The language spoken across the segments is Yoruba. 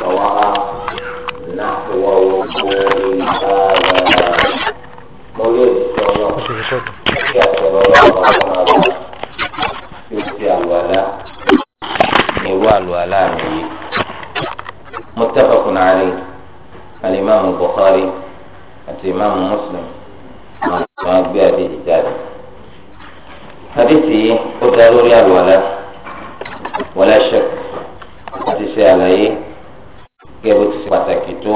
سواء نحو وصول هذا مولد الولاء متفق عليه الإمام البخاري الإمام مسلم ما أبي أبي حديثي قلت لوري الولاء ولا شك حديثي عليه kẹ́rù ti ṣe pàtàkì tó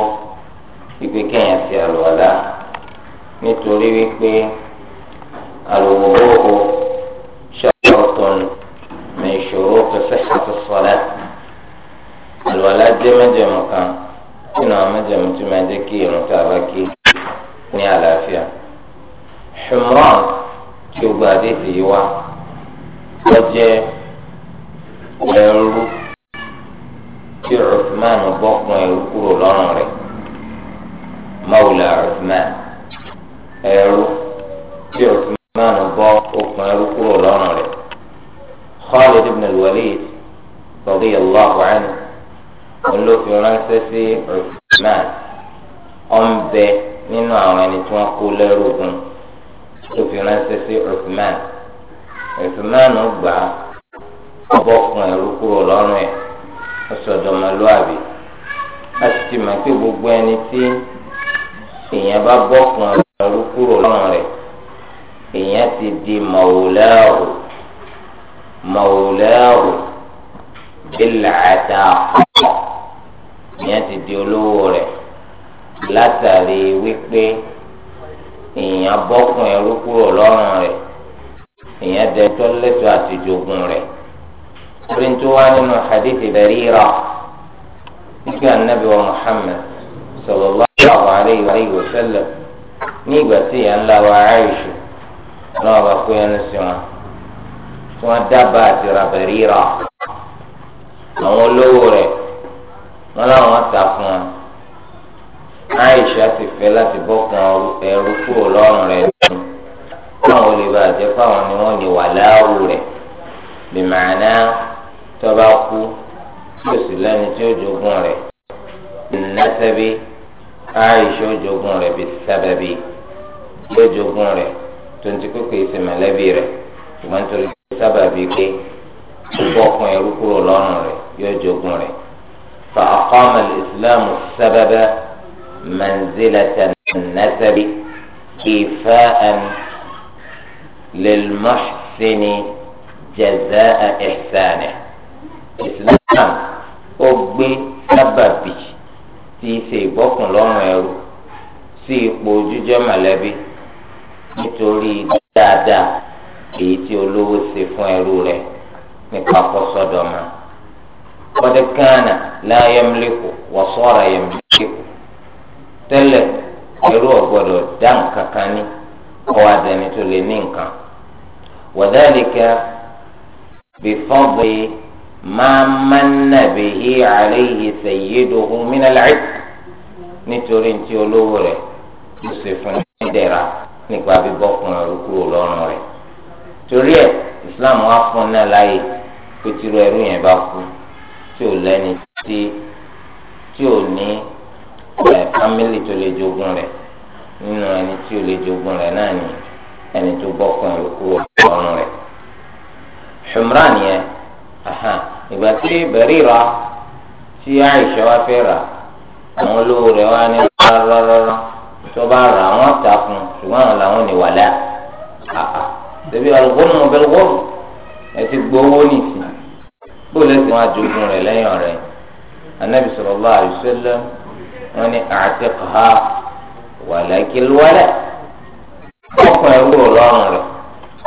wípé kẹ́yìn àti àlùwàlá nítorí wípé àlùwòrò ṣàkóso min shurut sihhat as-salat àlùwàlá jẹ́ mẹ́jẹ̀mú kan nínú àwọn mẹ́jẹ̀mú tí máa jẹ́ kí irun tá a bá kí ní àlàáfíà. Humran tí o gba adé ti yí wa lọ jẹ́ ẹrú. tí bɔ kpɔn ẹrú kúrò lọ́rùn rɛ mawula Uthman ɛrú tí Uthman bɔ kpɔn ẹrú kúrò lọ́rùn rẹ̀ Khalid ibn al-Walid radiyallahu anhu olófin ránṣẹ́ sí Uthman ọ̀nbẹ nínú àwọn ẹni tí wọ́n kó lẹ́rú ogun olófin ránṣẹ́ sí Uthman Uthman gbà ɔbɔ kpɔn ẹrú kúrò lọ́rùn rɛ. ọ̀sọ̀dọ̀mọlúàbí a sì ti mọ̀ pé gbogbo ẹni tí èèyàn bá bọ́ fún ọ̀rọ̀ kúrò lọ́rùn rẹ̀ èèyàn ti di mọ̀wòlẹ́rù mọ̀wòlẹ́rù bílàtà ọ̀ èèyàn ti di olówó rẹ̀ látàrí wípé èèyàn bọ́ fún ẹrú kúrò lọ́rùn rẹ̀ èèyàn dẹ́tọ́ lẹ́tọ́ àti jogún rẹ̀ torí tó wá nínú hadithi Barira nígbà anabi wa Muhammad sallallahu alayhi wa sallam ní ìgbà tí ìyá ńlá wa Aisha náà bá kó yẹn sí wọn tí aisha ti fẹ́ láti bọ́kàn ẹrú kúrò lọ́rùn rẹ̀ nínú káwọn olè bá fáwọn ni wọ́n lè wà láàrú rẹ̀ bìmọ̀nà tọ́ba kú tí o sì lẹ́nu tí ó jogún rẹ̀ nẹ́sẹ̀bí àìṣe ó jogún rẹ̀ bí sábàbí yóò jogún rẹ̀ tó ń ti kókò ìsè mọ̀lẹ́bí rẹ̀ tí o jogun re nítorí sábàbí pé púpọ̀ kan ẹrú kúrò lọ́rùn rẹ̀ yóò jogún rẹ̀. fa akọọmọ islam فأقام الإسلام السبب منزلة النسب إيفاء للمحسن جزاء إحسانه Islam ó gbé sábàbí tí í ṣe ìbọ́kùn lọ́rùn ẹrú sí ipò ojújọ́ mọ̀lẹ́bí nítorí dáadáa èyí tí olówó ṣe fún ẹrú rẹ̀ nípa kọ́sọ́dọ̀mà. Qad kana la yamliku wa sara yamliku. Tẹ́lẹ̀ ẹrú ọ̀gbọ́dọ̀ dá nǹkan kan ní ọwọ́ adẹni tó lè ní nǹkan. Wa dhalika bi fadli ma manna bihi alayhi sayyiduhu min al-'itq nítorí ntí olówó rẹ̀ ló ṣe fún ìdẹ̀ra nípa bíbọ́ fún ẹrú kúrò lọ́rùn rẹ̀ torí ẹ̀ islam wá fún náà láàyè pé tìrú ẹrú yẹn bá kú tí ò lẹ́ni tí tí ò ní ẹ̀ fámìlì tó lè jogún rẹ̀ nínú ẹni tí ò lè jogún rẹ̀ náà ni ẹni tó bọ́ fún ẹrú kúrò lọ́rùn rẹ̀ Humran yẹn ìgbà tí Barira tí Aisha wá fẹ́ rà àwọn olówó rẹ̀ wá ní rárárárá tó bá rà wọ́n ta fún ṣùgbọ́n àwọn làwọn ní wàlẹ́ àà ṣẹbi alùpùpù mọ̀ bẹ́ẹ̀ wọ́ọ̀rù ẹ ti gbowó nìsín bó lẹ́sìn wọn àjogún rẹ̀ lẹ́yìn ọ̀rẹ́ anabi sallallahu alaihi wasallam wọn ni a'tiqha walakil wala ọkùnrin rúrò lọ́rùn rẹ̀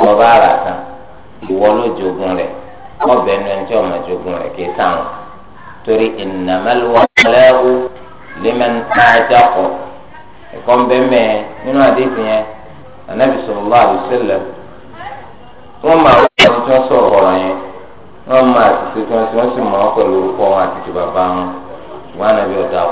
ọba àràtàn ìwọ ló jogún rẹ̀. ọbẹ̀ ẹnu ẹni tí ọmọ ìjogún rẹ̀ kì í sáwọn torí ìnàmẹ́lúwọ́ lẹ́wọ́ lẹ́mẹ̀n àjàkọ̀ ẹ̀kọ́ ń bẹ́ mẹ́ nínú àdéhùn yẹn ànábì sallallahu alaihi wasallam wọ́n máa wọ́n ẹni tí wọ́n sọ̀rọ̀ ọ̀rọ̀ yẹn wọ́n máa ti tí wọ́n sì mọ̀ ọ́ pẹ̀lú orúkọ wọn àti ti bàbá wọn ànábì ọ̀dà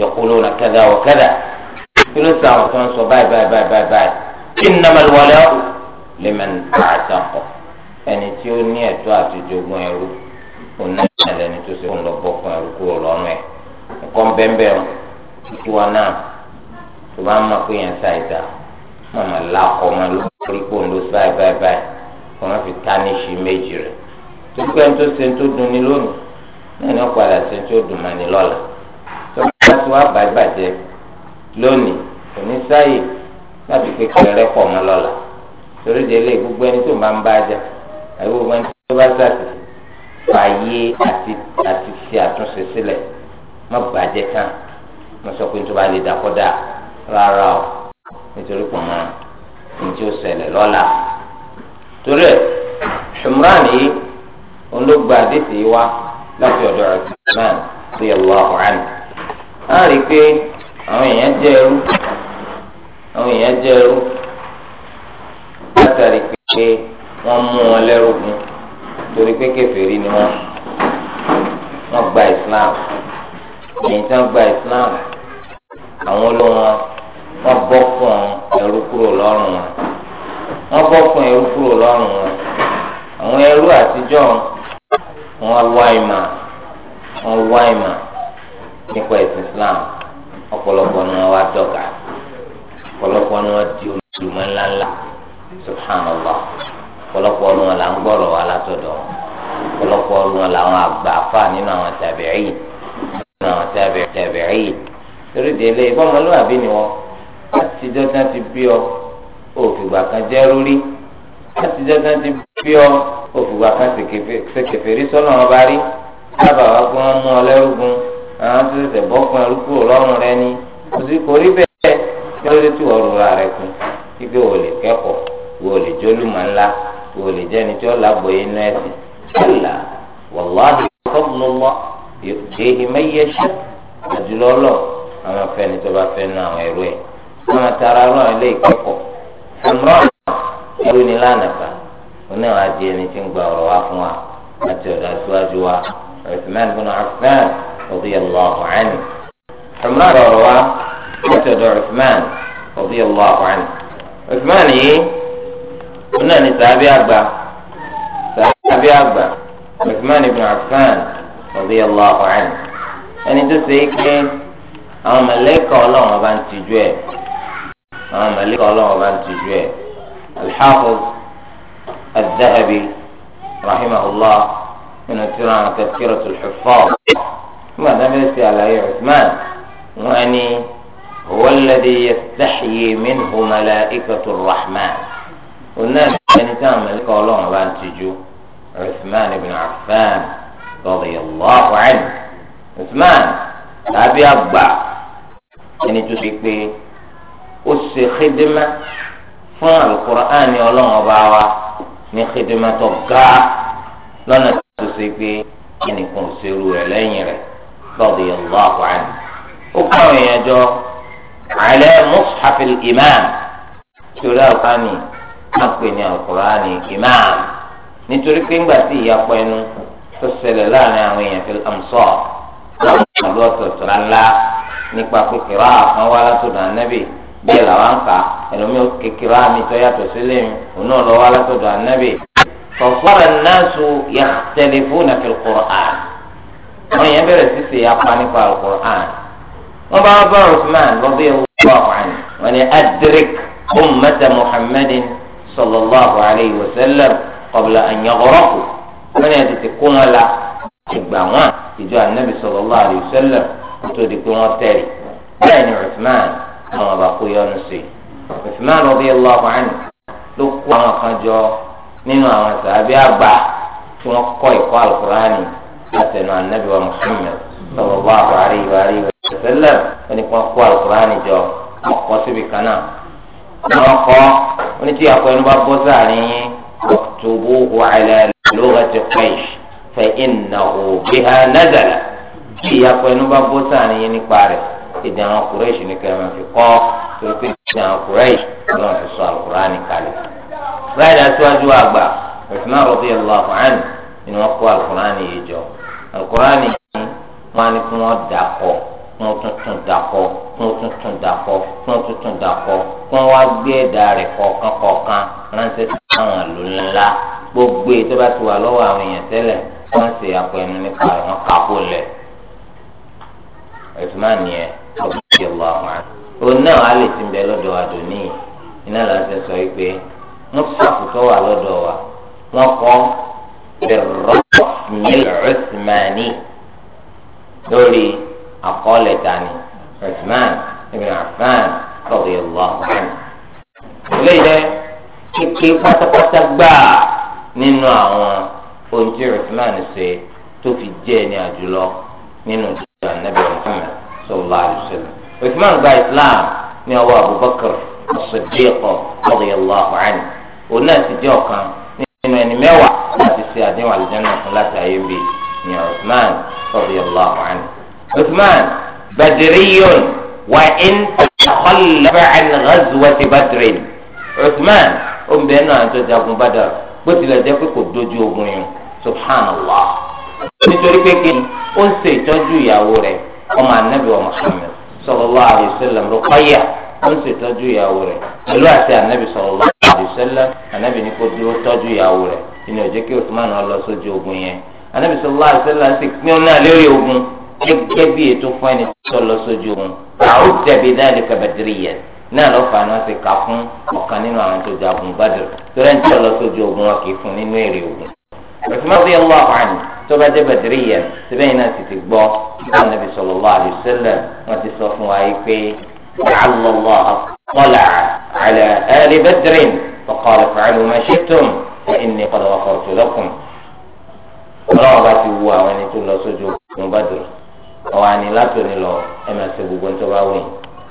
يقولون كذا وكذا كل ساعة تنسوا باي باي باي باي باي إنما الولاء لمن أعتقه ẹni tí ó ní ẹ̀tọ́ àti jogún ẹrú òun náà lẹni tó ṣe ń lọ bọ fún ẹrú kúrò lọ́rùn ẹ ẹ̀kọ́ bẹnbẹn o kí wọn náà tó bá ń mọ pé yẹn ṣàìdá màmá làkọ ọmọ lórí pò ń lọ sí báyìí báyìí báyìí kí wọn fi ta ní ṣì méjì rẹ tó pẹ́ ń tó ṣe ń tó dùn ní lónìí náà ní ọ̀padà ṣe ń tó dùn mọ́ ní lọ́la tọ́lá tí wàá bá bàjẹ́ lónìí kò ní sáyè láti pé kẹrẹ pọ̀ mọ́ lọ́la torí délé gbogbo ẹni tó máa ń bá ajá àbí gbogbo ẹni tó bá sàtì fàyè àti àti ṣe àtúnṣe sílẹ̀ má bàjẹ́ tán mo sọ pé tó bá lè dàkọ́dà rárá o nítorí pọ̀ mọ́ ní tí ó ṣẹlẹ̀ lọ́la torí ẹ̀ Shumran yìí òun àdéhìí wá láti ọ̀dọ̀ rẹ̀ Shumran radiyallahu anhu. á rí i pé àwọn èèyàn jẹ ẹrú àwọn èèyàn ẹrú látàrí pé wọn mú wọn gun torí pé ni wọn gba Islam èyí tí gba Islam àwọn olóhùn wọn bọ́ fún ẹrú kúrò wọn fún ẹrú kúrò lọ́rùn wọn àwọn ẹrú àtijọ́ wọn wá wọn wá nípa ẹ̀sìn Islam ọ̀pọ̀lọpọ̀ ni wọ́n wá dọ̀gà ọ̀pọ̀lọpọ̀ ni wọ́n di olùmọ̀ ńláńlá subhanallah ọ̀pọ̀lọpọ̀ ni wọ́n là ń gbọ́rọ̀ wá látọ̀dọ̀ ọ̀pọ̀lọpọ̀ ni wọ́n là ń àgbà fà nínú àwọn tàbí'ìn nínú àwọn tàbí'ìn torí délé ìbọmọlúwàbí ni wọ́n láti dọ́tà ti bí ọ òfìgbà kan jẹ́ rúrí láti dọ́tà ti bí ọ òfìgbà kan ṣèkèfèrí sọ́nà ọba rí sábà wá pé wọ́n mú ọ àwọn tó ṣẹ̀ṣẹ̀ bọ́ fún ẹrú kúrò lọ́rùn rẹ ni kò sí kò rí bẹ́ẹ̀ kí rẹ kún wo lè kẹ́kọ̀ọ́ wo lè jólúmọ̀ ńlá wo lè jẹ́ni tí ó lábọ̀ inú ẹ̀sìn ṣẹlá wàláhì fọ́ọ̀mùlọ́ kéèké mẹ́yẹsẹ́ àdúlọ́lọ́ àwọn afẹ́ni tó bá fẹ́ nu àwọn ẹ̀ wọ́n máa tara ilé ìkẹ́kọ̀ọ́ ẹ̀rú ni lánàá رضي الله عنه حمار روى قتادة عثمان رضي الله عنه عثمان هي قلنا ان سابي اربع سابي اربع عثمان بن عفان رضي الله عنه يعني تسيك اما ملك الله ما بان اما ملك الله ما بان الحافظ الذهبي رحمه الله من تيران كثيرة الحفاظ nígbà tá a fẹ́ ṣe àlàyé Usman wọn á ní wọ́lẹ́dẹ̀ yẹ sáxìyè mínú ọmọlá ìkàtú rahman ọ̀nà ìgbàni tí àwọn mẹ́lẹ́kọ̀ ọlọ́run bá ń tijú Usman ibn Affan radiyallahu anhu Usman tàbí àgbà ẹni tó ṣe pé ó ṣe xidima fún alukur'ani ọlọ́run ọba wa ní xidima tó ga lọ́nà tó ṣe pé ẹnìkan ò ṣerú rẹ̀ lẹ́yìn rẹ̀ radiyallahu anhu ó kọ́ àwọn èèyàn jọ ala mushaf al-imam torí àlùkùránì wọ́n pè ní àlùkùránì imam nítorí pé ńgbà tí ìyapọ̀ ẹnu tó ṣẹlẹ̀ láàrin àwọn èèyàn fil amsar láwọn ìlú ọ̀tọ̀ọ̀tọ̀ ńlá nípa pé kìrá àfọ̀n wá látọ̀dọ̀ ànábì bẹ́ẹ̀ làwọn kà ẹlòmíràn kékeré àmì tó yàtọ̀ sílẹ̀ òun náà lọ́wọ́ látọ̀dọ̀ ànábì. fa sara an-nasu yakhtalifuna fil Qur'an àwọn èèyàn bẹ̀rẹ̀ sí ṣe apá nípa alukur'an wọ́n bá bá Usman lọ́bí ẹ̀wọ́ àwọn wọn ni adrik ummata muhammadin sallallahu alayhi wa sallam qabla an yaghraqu wọ́n ni àti ti kó wọn la ìgbà wọn ìjọ anabi sallallahu alayhi wa sallam tó di pé wọ́n tẹ̀lé bẹ́ẹ̀ ni Usman àwọn ọba kó yọnu sí i Usman lọ́bí ẹ̀wọ́ àwọn ló kó àwọn kan jọ nínú àwọn sàbí àgbà tí wọ́n kọ́ ìkọ́ alukur'ani látẹnu anabi wa muhammed sallallahu alayhi wa alayhi wa sallam ẹni kan kó alukur'ani jọ wọn kọ síbi kan náà wọn kọ wọn ti àkọ ẹni bá bọ́ sáàrin yín waktubuhu ala lughati qaish fa innahu biha nazala bí àkọ ẹni bá bọ́ sáàrin yín nípa rẹ̀ èdè àwọn kùrẹ́ṣì ní kẹrin fi kọ́ torí pé èdè àwọn kùrẹ́ṣì ni wọ́n fi sọ alukur'ani kalẹ̀ ráìdà síwájú àgbà Uthman radiyallahu anhu ni wọ́n kó alukur'ani yìí jọ. alukurani wọn ni kí wọn dàpọ̀ kí wọn tuntun dàpọ̀ kí gbé ẹ̀dà rẹ̀ kọ̀ọ̀kan kọ̀ọ̀kan gbogbo bá ti wà lọ́wọ́ àwọn èèyàn tẹ́lẹ̀ wọ́n ṣe àpẹnu nípa àwọn kápò lẹ̀ ẹ̀sùn máa nìyẹn ọ̀gbìn àwọn sọ wà wa بالرسم العثماني دوري أقال تاني عثمان بن عفان رضي الله عنه وليه كيف تتبع nínú àwọn ohun tí Uthman ṣe tó fi jẹ́ ní àjùlọ nínú ìjọba nàbẹ̀ Muhammad sallallahu alaihi wasallam. Uthman gba Islam ní ọwọ́ Abubakar as-Siddiq radiyallahu anhu òun náà ti jẹ́ ọ̀kan nínú ẹni mẹ́wàá láti ṣe àdéhùn àlùjáná fún láti ayé ń bì ní Uthman radiyallahu anhu. Uthman badriyun wa in takhallaba an ghazwati badrin. Uthman ó ń bẹ́ẹ̀ náà tó jagun Badr bó tilẹ̀ jẹ́ pé kò dojú ogun yẹn subhanallah. nítorí pé kí ó ń ṣe ìtọ́jú ìyàwó rẹ̀ ọmọ anábìwọ̀ Muhammad sallallahu alayhi wa ó ń ṣètọ́jú ìyàwó rẹ̀ pẹ̀lú àti ànábì sallallahu alaihi wasallam ànábì ní kó dúró tọ́jú ìyàwó rẹ̀ ìní òjẹ́ kí Usman lọ sójú ogun yẹn ànábì sallallahu alaihi wasallam sì pín náà lórí ogun gẹ́gẹ́ bí ètò fún ẹni tó lọ sójú ogun àwọn jẹ̀bi dhalika badriyyan náà lọ́ fà náà ti kà fún ọ̀kan nínú àwọn tó jagun Badr torí ẹni tó lọ sójú ogun wọn kì í fún nínú èrè ogun Usman radiyallahu anhu tó bá jẹ́ badriyyan síbẹ̀ yìí náà sì ti gbọ́ ànábì sallallahu alaihi wasallam wọ́n ti sọ fún wa yìí pé لعل الله اطلع على آل بدر فقال افعلوا ما شئتم فإني قد غفرت لكم ọlọ́run bá ti wu àwọn ẹni tó lọ sójú ogun bàdùrù ọ̀wọ́ àní látòní lọ ẹ máa ṣe gbogbo tó bá wọ̀nyí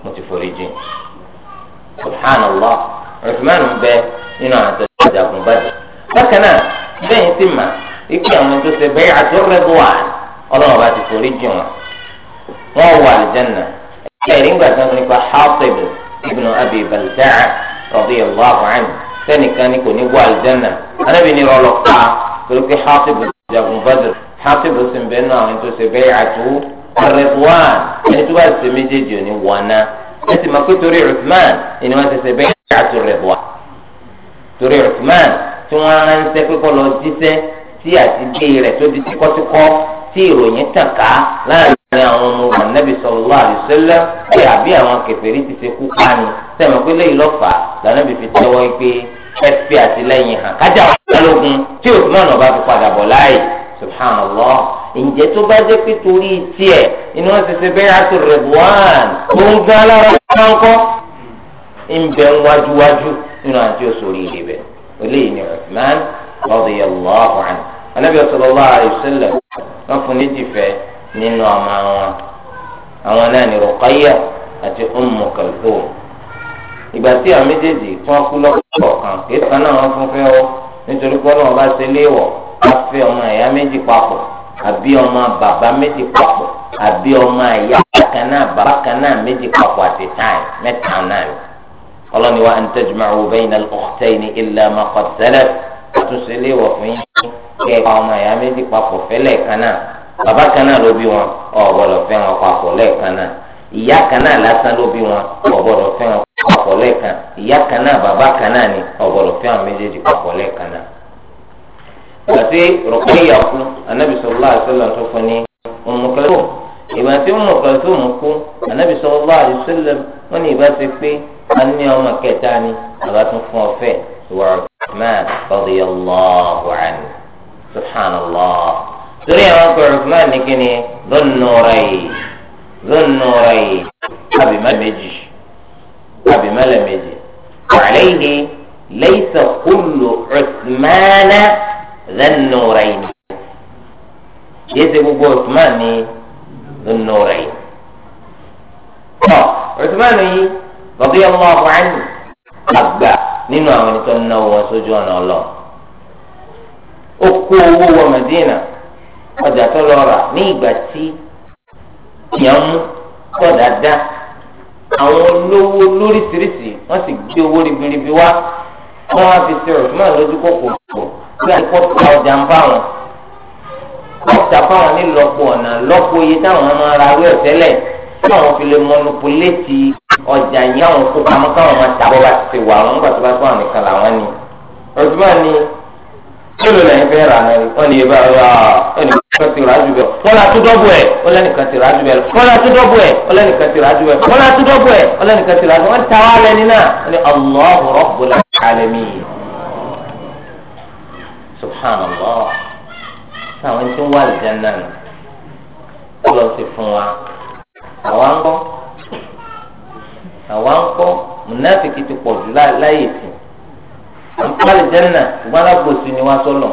mo ti forí jìn subhanallah Uthman ń bẹ nínú àwọn tó ti jagun bàdùrù bákan náà bẹ́ẹ̀ ti mà ikú àwọn tó ṣe bẹ́ẹ̀ àti ọ̀rẹ́dùwà ọlọ́run bá ti forí jìn wọn wọ́n wọ àlùjánnà ẹ̀rí ńgbà tán nípa Hatib ibn Abi Balta'a radiyallahu anhu sẹ́nìkan ni kò ní wọ àlùjánnà anábì ní rọlọ́ pa torí pé Hatib jagun Badr Hatib sì ń bẹ́ẹ̀ náà àwọn tó ṣe bẹ́ẹ̀ àtú Ridwan ẹni tó bá ṣe méjèèjì ò ní wọ̀nà ẹ sì máa pé torí Uthman ni wọ́n ṣe ṣe bẹ́ẹ̀ àtú Ridwan torí Uthman tí wọ́n ránṣẹ́ pé kọ́ lọ jíṣẹ́ tí àti gbé rẹ̀ tó di tíkọ́tíkọ́ tí ìròyìn tàn ká láàrin ní àwọn ọmọ ọmọ nẹ́bí sallallahu alaihi wasallam pé àbí àwọn kèfèrí ti ṣe kú pani sẹ́mi pé lẹ́yìn lọ́fà lànàbí fi tẹ́wọ́ pé ẹ fi àtìlẹ́yìn hàn kájà ọ̀dọ́lógún tí Usman ọba fi padà bọ̀ láàyè subhanallah ǹjẹ́ tó bá dé pé torí tiẹ̀ inú wọn ti ṣe bẹ́ẹ̀ àti rẹ̀buwán tó ń gbá lára kọ́ńkọ́ ń bẹ wájúwájú nínú àti òṣòrí ìdè bẹ̀ eléyìí ni Usman radiyallahu anhu nínú ọmọ wọn àwọn náà ní Ruqayya àti Ummu Kalthum ìgbà tí àwọn méjèèjì tí wọn kú lọ́kọ̀ kan kìí kan náà wọn fún fẹ́ ọ nítorí pé Ọlọ́run bá ṣe léèwọ̀ ká fẹ́ ọmọ ẹ̀yà méjì papọ̀ àbí ọmọ bàbá méjì papọ̀ àbí ọmọ ẹ̀yà kan náà bàbá kan náà méjì papọ̀ àti táì mẹ́ta náà ni ọlọ́ni wa an tajma'u bayna al-ukhtayni illa ma qad salaf àtúnṣe léèwọ̀ fún yín kẹ́ ọmọ bàbá kan náà ló bí wọn ò gbọ́dọ̀ fẹ́ wọn papọ̀ lẹ́ẹ̀kan náà ìyá kan náà lásán ló bí wọn ò gbọ́dọ̀ fẹ́ wọn papọ̀ lẹ́ẹ̀kan ìyá kan náà bàbá kan náà ni ò gbọ́dọ̀ fẹ́ wọn méjèèjì papọ̀ lẹ́ẹ̀kan náà. gbàtí Ruqayya kú anabi sallallahu alaihi wasallam tó fún ní Ummu Kulthum ìgbà tí Ummu Kulthum kú anabi sallallahu alaihi wọn ní ìbá ti pé wọn ọmọ kẹta ni bàbá tún fún ọ fẹ ìwà Uthman radiyallahu anhu subhanallah torí àwọn kọ Uthman ní kíni Dhunnurayn Dhunnurayn abimá méjì abimá lẹ méjì alayhi laysa kullu Uthman Dhunnurayn yìí ṣe gbogbo Uthman ní Dhunnurayn. Uthman yìí radiyallahu anhu àgbà nínú àwọn ẹni tó ń náwó wọn sójú ọ̀nà ọlọ́ ó kó owó wọ Mẹ́dínà ọjà tó lọ rà ní ìgbà tí èèyàn mú kọ̀dà dá àwọn olówó lóríṣiríṣi wọ́n sì gbé owó ribiribi wá wọ́n wá fi ṣe ọ̀rọ̀ náà lójú kòkòrò bí àti kọ́ta ọjà ń bá wọn kọ́ta fáwọn nílọ́pọ̀ ọ̀nà lọ́pọ̀ iye táwọn máa ra awé ọ̀tẹ́lẹ̀ tí àwọn fi lè mọnupuléètì ọjà yẹn àwọn kó pamọ́ káwọn máa tàbọ̀ bá ti ṣe wà wọn nígbà tó bá nìkan làwọn ni ọdún máa kílò lẹ́yìn fẹ́ ra náà wọ́n ní ibà wà ẹnìkan ti rà jù bẹ́ẹ̀ wọ́n lọ tún dọ́bù ẹ̀ wọ́n lẹ́nìkan ti rà jù bẹ́ẹ̀ wọ́n lọ tún dọ́bù ẹ̀ wọ́n lẹ́nìkan ti rà jù bẹ́ẹ̀ wọ́n lọ tún dọ́bù ẹ̀ wọ́n lẹ́nìkan ti rà jù bẹ́ẹ̀ wọ́n ta wá lẹ́ni náà wọ́n ní Allahu Rabbul Alamin subhanallah táwọn tí ń wá àlùjáná nù kó lọ sí fún wa àwa ń kọ́ àwa ń ti pọ̀ jù láyé wálé jẹ́nà ṣùgbọ́n alábòsí ni wọ́n sọ̀lọ̀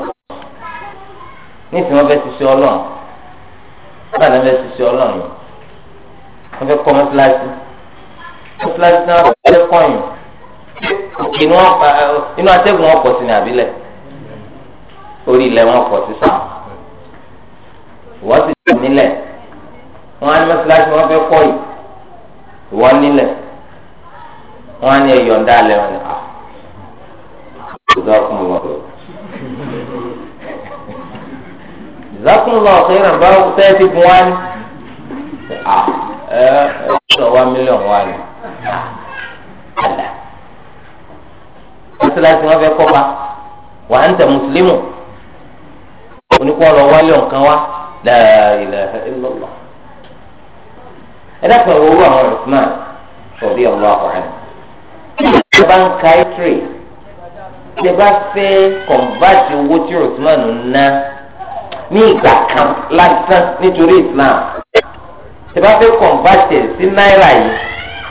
nísìnyí wọ́n fẹ́ ti ṣe ọlọ́run wọ́n náà fẹ́ ti ṣe ọlọ́run yìí wọ́n fẹ́ kọ́ mọ́tíláṣí mọ́tíláṣí náà wọ́n fẹ́ kọ́ yìí inú atẹ́gùn wọn kọ̀ sí ní àbílẹ̀ orí ilẹ̀ wọn kọ̀ sí sáà wọ́n sì tẹ̀ nílẹ̀ wọ́n á ní mọ́tíláṣí wọ́n fẹ́ kọ́ yìí wọ́n nílẹ̀ wọ́n á ní ẹ̀yọ̀ǹda alẹ́ wọn ni à jazakumullah jazakumullah khairan báwo tẹ́ ti gun wá ní. ẹ ẹ sọ wá mílíọ̀nù wá ní. mọ́sálásí wọn fẹ́ kọ́ ma wà á ń tẹ̀ mùsùlùmù oníkọ́ lọ wálé ọ̀kan wá la ilaha illallah. ẹ dákun ẹ̀ wọ́wọ́ àwọn Usman sọ̀bí ọ̀lọ́ àkọ́rẹ́. ìjọba ń ka ẹ́ tírè tẹ bá fẹ́ kọ̀ǹvàtì owó tí Usman ná ní ìgbà kan lásán nítorí Islam tẹ bá fẹ́ kọ̀ǹvàtì sí náírà yìí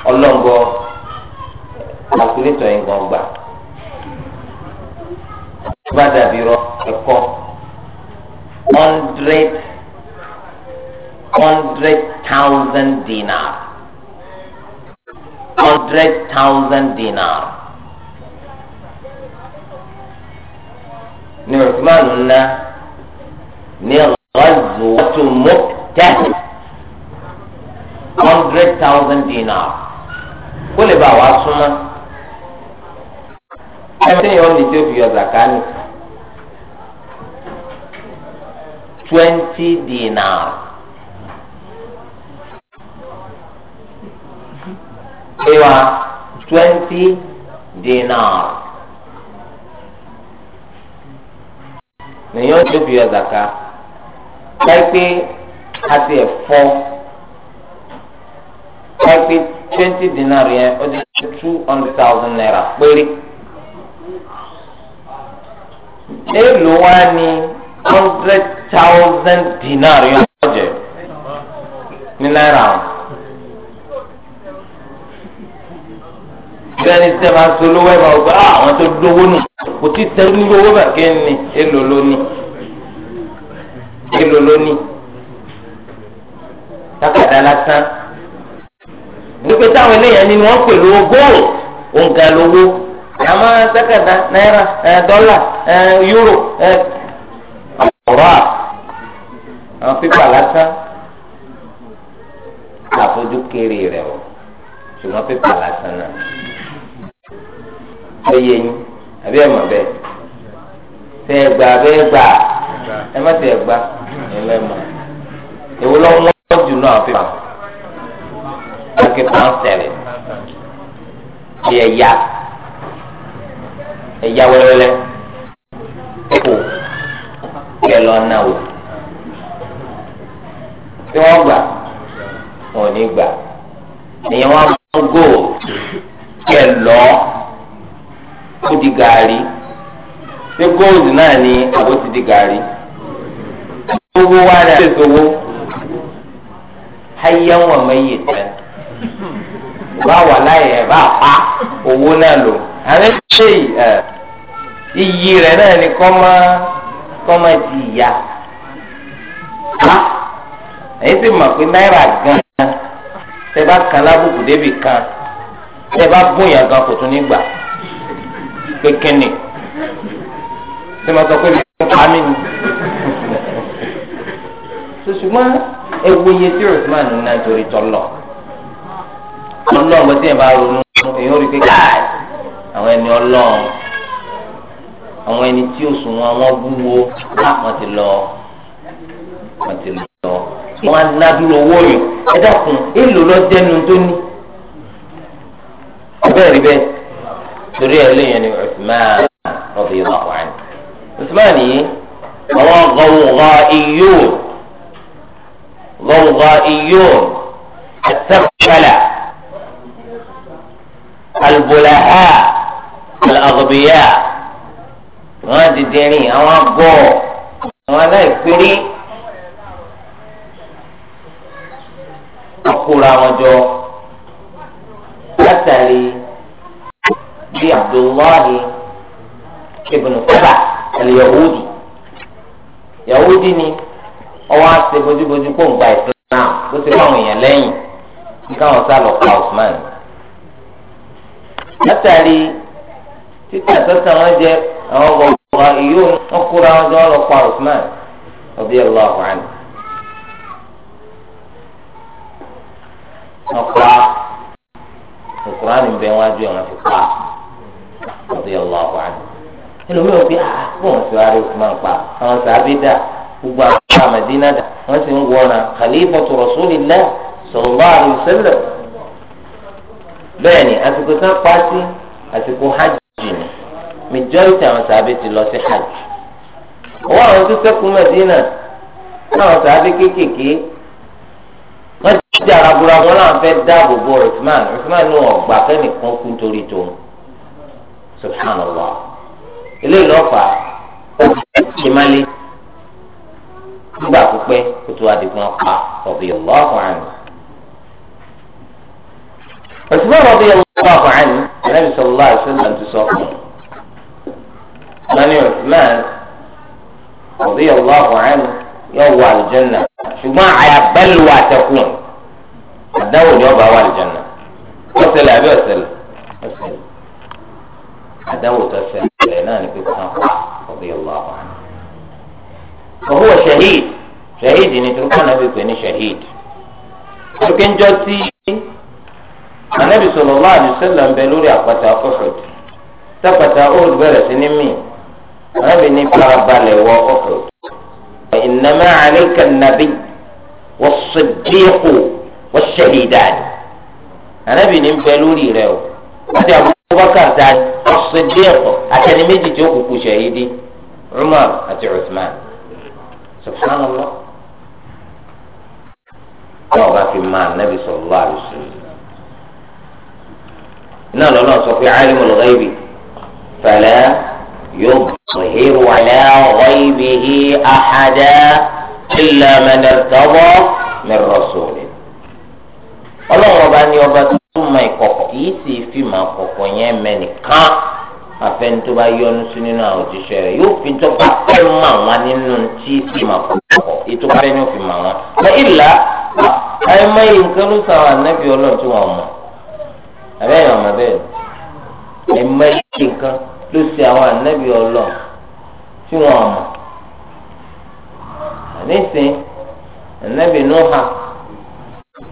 ọlọ́ngọ kàkúlétọ̀ yẹn gbọ̀ngbà tó bá dàbí rọ ẹ̀kọ́ hundred hundred thousand dinar hundred thousand dinar. ni usman ńlá ní ghazwatu Mu'tah hundred thousand dinar kó lè bá wa súnmọ́ ẹsẹ̀ yẹn ó lè tó fi ọ̀zà kánì twenty dinar. Ewa twenty dinar. lèyàn tó fi ọ̀zàká láìpẹ́ àti ẹ̀fọ́ láìpẹ́ twenty dinar yẹn ó di two hundred thousand naira péré. mélòó wá ní hundred thousand dinar yẹn lọ́jọ́ ní náírà bẹ́ẹ̀ ni sẹ́ẹ̀ máa so lówó ẹ̀ máa gbọ́ ah, àwọn tó dówó nù kò tí tẹ́lú ní owó bàkẹ́ ni èlò lónìí èlò lónìí takàdá lásán wípé táwọn eléyàn ni wọ́n pè lówó góòlù òǹkà lówó àmọ́ takàdá náírà dọ́là yúrò ọ̀rọ̀ à àwọn pípà lásán àfojú kéré rẹ̀ o ṣùgbọ́n pípà lásán náà lóye yín àbí ẹ̀ mọ̀ bẹ́ẹ̀ tẹ́ ẹ gbà bẹ́ẹ̀ gbà ẹ má tẹ́ ẹ gbà ẹ lẹ́ mọ̀ èwo ló ń wọ́n jù náà fi hàn kí kan sẹ̀lẹ̀ bí ẹ̀yà ẹ̀yà wẹ́rẹ́lẹ́ kò kẹ lọ náà wò tí wọ́n gbà wọn ò ní gbà ìyẹn wọn mú góòlù kẹ lọ́ọ́ ó di gàárì ṣé gold náà ni àbó ti di gàárì owó wa ni àti ìṣòwò ayéwọ̀n mẹ́yẹ̀ tẹ́ bá wà láyé ẹ̀ bá pa owó náà lò àwọn ṣe iyì rẹ̀ náà ni kọ́ máa kọ́ máa di ìyá èyí sì mọ̀ pé náírà gan-an tẹ bá kan lábùkù débì kan tẹ bá gún yàn gan kò tún ní gbà pé kínni ṣé máa sọ pé mi ò pa mí ni. ṣùṣùgbọ́n ewu iye tí Usman ń ná torí tọ́lọ̀ ọlọ́run tí ẹ̀ bá ronú èyí ó rí pé káì àwọn ẹni ọlọ́run àwọn ẹni tí òsùn wọn wọn wúwo láwọn ti lọ wọn ti lọ wọn á nádúró owó yìí ẹ dákun èèlò lọ jẹnu tó ní ọbẹ̀ rí bẹ́ẹ̀ torí ẹ̀ lẹ́yìn ni Uthman radiyallahu anhu Uthman yìí àwọn Ghawgha'iyun Ghawgha'iyun àtẹ̀kọ́lá albulaha alagbèyà wọn dìdìrín àwọn agọ àwọn aláìpérí wọn kóra jọ látàrí. abdullahi ibn saba al-yahudi yahudi ni ọwọ́ àti bójúbójú kó ń gba islam ó ti fáwọn èèyàn lẹ́yìn nígbà wọn lọ pa usman látàrí títí àtọ́tà wọn jẹ àwọn ọgbọ̀gbọ̀ ìyó wọn wọn lọ pa usman ọbí ẹ̀rọ àwọn radiyallahu anhu ẹlòmíràn bí àwọn sọ̀rọ̀ Usman pa àwọn sàbí dà gbogbo àwọn àmàdínà dà wọ́n sì ń wọ́nà khalifatu rasulillah sallallahu alaihi wasallam bẹ́ẹ̀ ni àsìkò sá pàṣẹ àsìkò hajj ni majority àwọn sàbí ti lọ sí hajj owó àwọn tó sẹ́kù Mẹ́dínà náà sàbí kéékèèké wọ́n ti dára búra wọn náà fẹ́ dáàbò bo Usman Usman subhanallah eléyìí lọ fà ìmàlẹ nígbà pípẹ́ kó tó adigun apá ọbẹ ọlọ àkùnrin òṣùpá ọbẹ ọlọ àkùnrin ẹnẹbi sọlọ àṣẹlẹ ti sọ fún un lọni ọsùnmán ọbẹ ọlọ àkùnrin yóò wọ àlùjẹnà ṣùgbọ́n àyàbẹlẹ wà tẹkùn àdáwò ni ọba wà àlùjẹnà ọsẹlẹ àbí ọsẹlẹ ọsẹlẹ. عداوة سهل سليمان في الصحراء رضي الله عنه وهو شهيد شهيد نتركه يعني نبي كان يعني شهيد لكن جوتي النبي صلى الله عليه وسلم بلوري أقوات أحد تقوات أحد برس نمي النبي نبي ربا لهو أحد إنما عليك النبي والصديق والشهيدان النبي نبي بلوري لهو هذا أبو abubakar dani ọsidiẹkọ àtẹni méjì tí ó kúkú ṣẹyidi umar àti usman subhanallah wọn bá fi máa nabi sallallahu alaihi wasallam náà lọ́nà sọ pé alimul ghaibi fala yudhiru ala ghaibihi ahada illa man irtada min ọlọ́run ọba ní ọba tó mọ ìkọ̀kọ̀. èyí sì fi ma kọ̀kọ̀ yẹn mẹ́nìkan àfẹni tó bá yọ sí nínú àwọn òjíṣẹ́ rẹ̀ yóò fi tó bá fẹ́ mọ̀ nínú tí sì máa kọ̀kọ̀ ètò bá fẹ́ ní fi mọ̀ wọn. ẹ ìlà àìmọye nǹkan ló sàwọn ànábì ọlọ́run tí wọ́n mọ̀ ọmọ bẹ́ẹ̀ àìmọye nǹkan ló àwọn ànábì ọlọ́run tí wọ́n mọ̀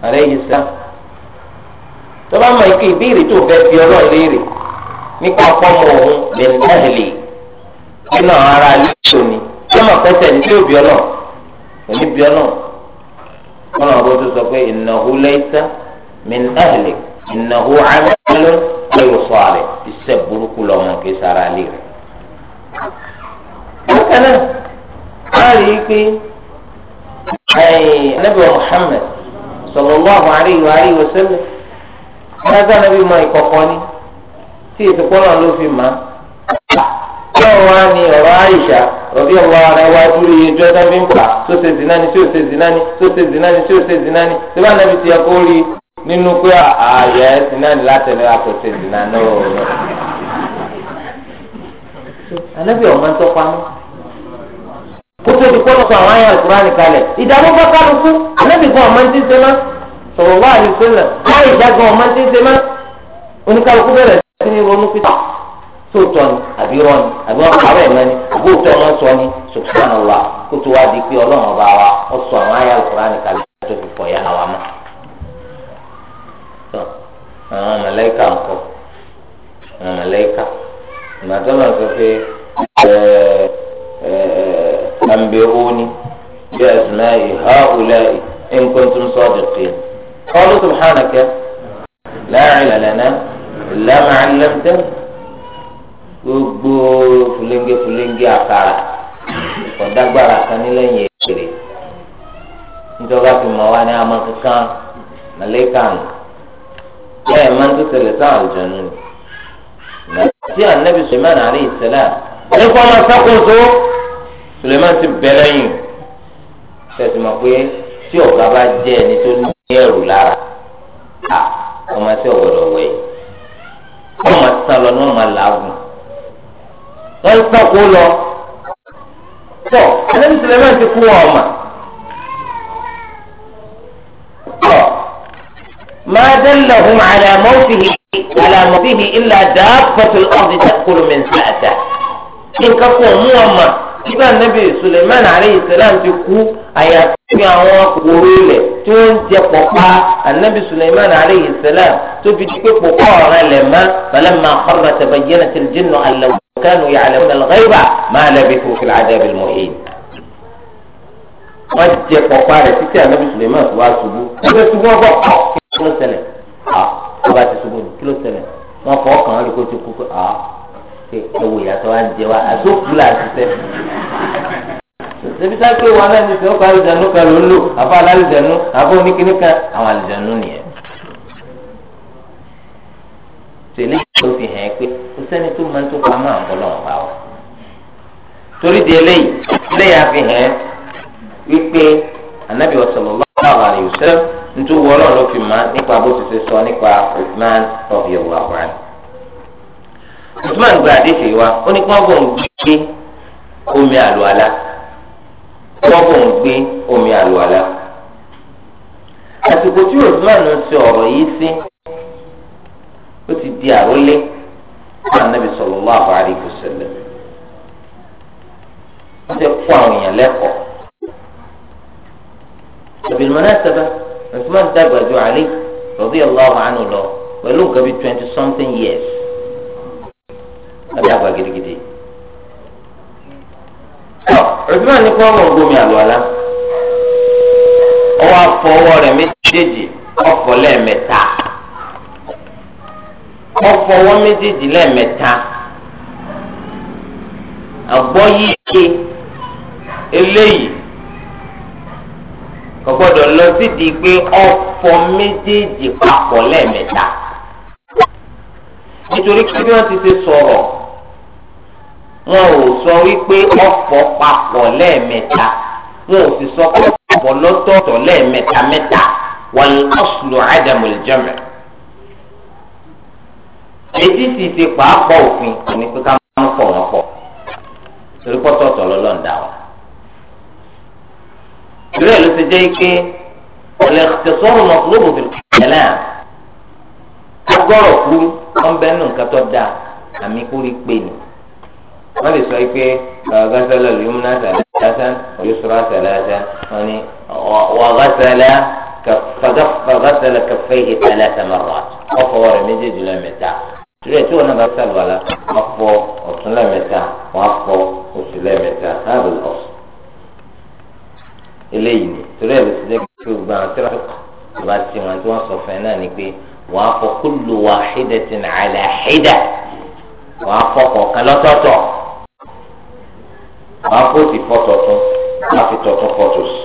àníṣe tó bá mọ ike ìbéèrè tó fẹ́ fi ọlọ́run léèrè nípa fọ́ọ̀mù òun lè nẹ́ẹ̀lì nínú àwọn ará ilé ìṣó ni tó mọ̀ pẹ́sẹ̀ ní yóò bí ọlọ́run òní bí ọlọ́run wọn náà bó tó sọ pé ìnáwó lẹ́sẹ̀ mi nẹ́ẹ̀lì ìnáwó àmọ́lẹ́ ẹ̀rọ sọ àrẹ̀ iṣẹ́ burúkú lọ́mọ kì í sára lé bákan náà wọ́n rí i pé ẹ̀yìn anábìyàn Muhammad sallallahu alaihi wa alihi wa sallam gbàgbà nàbí mọ ìkọ̀kọ̀ ni tí ìsopọ̀nà ló fi mọ́ yóò wá ní ọ̀rọ̀ àyíṣà rọ̀bí ọ̀wá ara wa dúró iye jọ́ dábí ń pa tó ṣe zina ni tí ó ṣe zina ni tó ṣe zina ni tí ó ṣe zina ni tí wọ́n nàbí ti yẹ rí nínú pé ààyè zina ni látẹ̀lé àpò ṣe zina náà. ànábì ọ̀mọ ń tọ́pa mọ́ kótó ti kọ́ lọ́kọ̀ àwọn àyà ìkúránì kalẹ̀ ìdààmú bá kálukú ànábì kan ọ̀mọ ń ti sọ̀rọ̀ wá àlùsọ̀lẹ̀ láì jágbọ́n ọmọ tí ń ṣe máa oníkálukú bẹ̀rẹ̀ sí ní ronú pípa ah, sóòtọ́ ni àbí rọ́ ni àbí wọ́n pa bẹ́ẹ̀ mẹ́ni àbí òótọ́ wọn sọ ni kó tó wá di pé ọlọ́run ọba wa ó sọ àwọn ayé Al-Qur'ani kalẹ̀ tó fi fọ̀ yára wa mọ́. àwọn ń àwọn sọ pé قالوا سبحانك لا علم لنا إلا ما علمتنا gbogbo fúlẹ́ńgẹ́ fúlẹ́ńgẹ́ àkàrà ọ̀dàgbàrà kan nílẹ̀yìn èrè níjọba fi mọ̀ wá ní àmọ́ kankan màlẹ́kàn bẹ́ẹ̀ máa ń tó ṣẹlẹ̀ sáà àlùjọ́nù ni tí ànábì suleiman alayhi salam nípa ọmọ sákòóso suleiman ti bẹ̀ lẹ́yìn tẹ̀sí mọ̀ pé tí ọ̀gá bá jẹ́ ẹni tó ní ẹ̀rù lára à ọmọ tí ọ̀gbọ̀dọ̀ wẹ̀ wọ́n máa sàn lọ ní wọ́n máa làágùn wọ́n sàn kó lọ tọ́ ẹni tí lẹ́mọ̀ ti kú wọn tọ́ máa dẹ́lẹ̀ ọ̀hún àlẹ́ àmọ́fìhì àlẹ́ àmọ́fìhì ìlà dáàbọ̀tò ọ̀dì tàkùrù mẹ́ta àdá nǹkan kò mú ọmọ nígbà nàbì Sulaiman alayhi salam ti kú àyàfi níbi àwọn kòkòrò ilẹ̀ tí wọ́n ń jẹ pọ̀pá anabi suleiman aleyhi salam tó fi di pé pọ̀pá ọ̀rẹ́ lẹ̀ mọ́ falamma kharra tabayyanat al-jinnu an law kanu ya'lamuna al-ghayba ma labithu fil 'adhabi al-muhin. wọ́n jẹ pọ̀pá rẹ̀ títí anabi suleiman wá ṣubú ó ṣubú ọgbọ́ kí ló ṣẹlẹ̀ bá ti ṣubú kí ló ṣẹlẹ̀ wọ́n kàn án lóko ṣèbí sáké wọn náà ní sọ́kọ́ alìjẹ̀nu kan ló ń lò àbá alìjẹ̀nu àbá oníkíní kan àwọn alìjẹ̀nu nìyẹn. tẹ̀lé ìṣòro fi hàn pé kò sẹ́ni tó máa ń tó pamọ́ àwọn ọlọ́run bá wa. torí di eléyìí eléyìí àfi hàn wípé anabi sallallahu alaihi wasallam nítorí wọn náà ló fi mọ̀ nípa bó ti ṣe sọ nípa Uthman radiyallahu anhu. Uthman gba àdéhìí wa ó ní kí wọ́n bọ̀ ń gbé omi àlọ́ wọ́pọ̀ ń gbé omi àlùwàlà. àsìkò tí Usman ń sọ ọ̀rọ̀ yìí sí ó ti di àrólé fún anabi sallallahu alaihi wasallam. wọ́n ti kó àwọn èèyàn lẹ́kọ̀ọ́. bil munasaba Usman dàgbà ju Ali radiyallahu anhu lọ pẹ̀lú nǹkan bíi twenty something years. wọ́n dàgbà gidigidi. Usman ní kí wọ́n mọ̀ ogun mi àlùwàlá ọwọ́ afọ ọwọ́ rẹ̀ méjèèjì ọkọ̀ lẹ́ẹ̀mẹ́ta ọkọ̀ ọwọ́ méjèèjì lẹ́ẹ̀mẹ́ta àgbọ̀ yíyé eléyìí kò lọ sídìí pé ọkọ̀ méjèèjì papọ̀ lẹ́ẹ̀mẹ́ta nítorí pé wọ́n ti ṣe wọn ò sọ wípé ọ̀fọ̀ papọ̀ lẹ́ẹ̀mẹ́ta wọn ò sì sọ pé ọ̀fọ̀ lọ́tọ̀ọ̀tọ̀ lẹ́ẹ̀mẹ́ta mẹ́ta wal aslu adamul jam' èyí sì ti pàápọ̀ òfin ní pé ká mú pọ̀ wọn pọ̀ torí pọ́tọ̀ọ̀tọ̀ lọ́lọ́ọ̀dà wọn. ìrẹ́ ló ti jẹ́ pé al-ikhtisar matlub fil-kalam agbọ́rọ̀ kú ọ̀nbẹ́nu nǹkan tó dáa àmì kúrí pé ni. wọ́n lè sọ pé gásálà lùmínà sàlásà yusra sàlásà wọ́n ní wà gásálà fagásálà kàfẹ́yì sàlásà mọ́ra ọ̀fọwọ́ rẹ̀ méjèèjì lẹ́mẹ̀ta tìrẹ tí wọn náà bá sàlù àlá wọn fọ ọ̀tún lẹ́mẹ̀ta wọn fọ oṣù lẹ́mẹ̀ta láàbù lọsùn eléyìí ni torí ẹ̀ ló ti jẹ́ kí o gba àwọn tírafíkì ìbá tí wọn tí wọ́n sọ fẹ́ náà ni pé wọ́n á fọ kullu wahidatin ala hida wọ́n á fọ kọ̀ọ̀kan lọ́tọ̀ọ̀tọ̀. wàá fòsì fọ́ tọ̀tún wàá fi tọ̀tún fọ́ tòsì.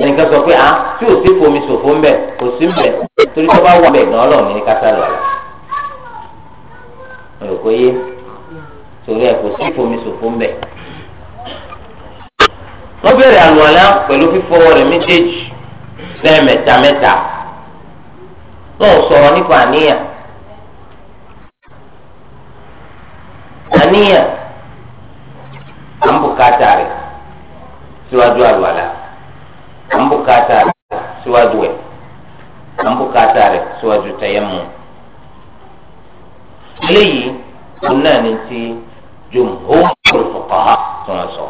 ẹnìkan sọ pé à ah, tí ò sí fomi ṣòfò ń bẹ̀ kò sí ń bẹ̀ torí tó bá wà bẹ̀ náà lọ́ọ̀ ní kátà lọ́la. mo rò pé yé torí ẹ̀ kò sí fomi ṣòfò ń bẹ̀. wọ́n bẹ̀rẹ̀ àlùwàlá pẹ̀lú fífọwọ́ rẹ̀ méjèèjì lẹ́ẹ̀mẹ́ta mẹ́ta náà sọ̀rọ̀ nípa àníyàn. àníyàn àǹbùkátà rẹ̀ síwájú àlùwàlà àǹbùkátà rẹ̀ síwájú ẹ̀ àǹbùkátà rẹ̀ síwájú tẹ̀yẹ̀mù. eléyìí ilayi náà ni ti jumhurul fuqaha tí wọ́n sọ.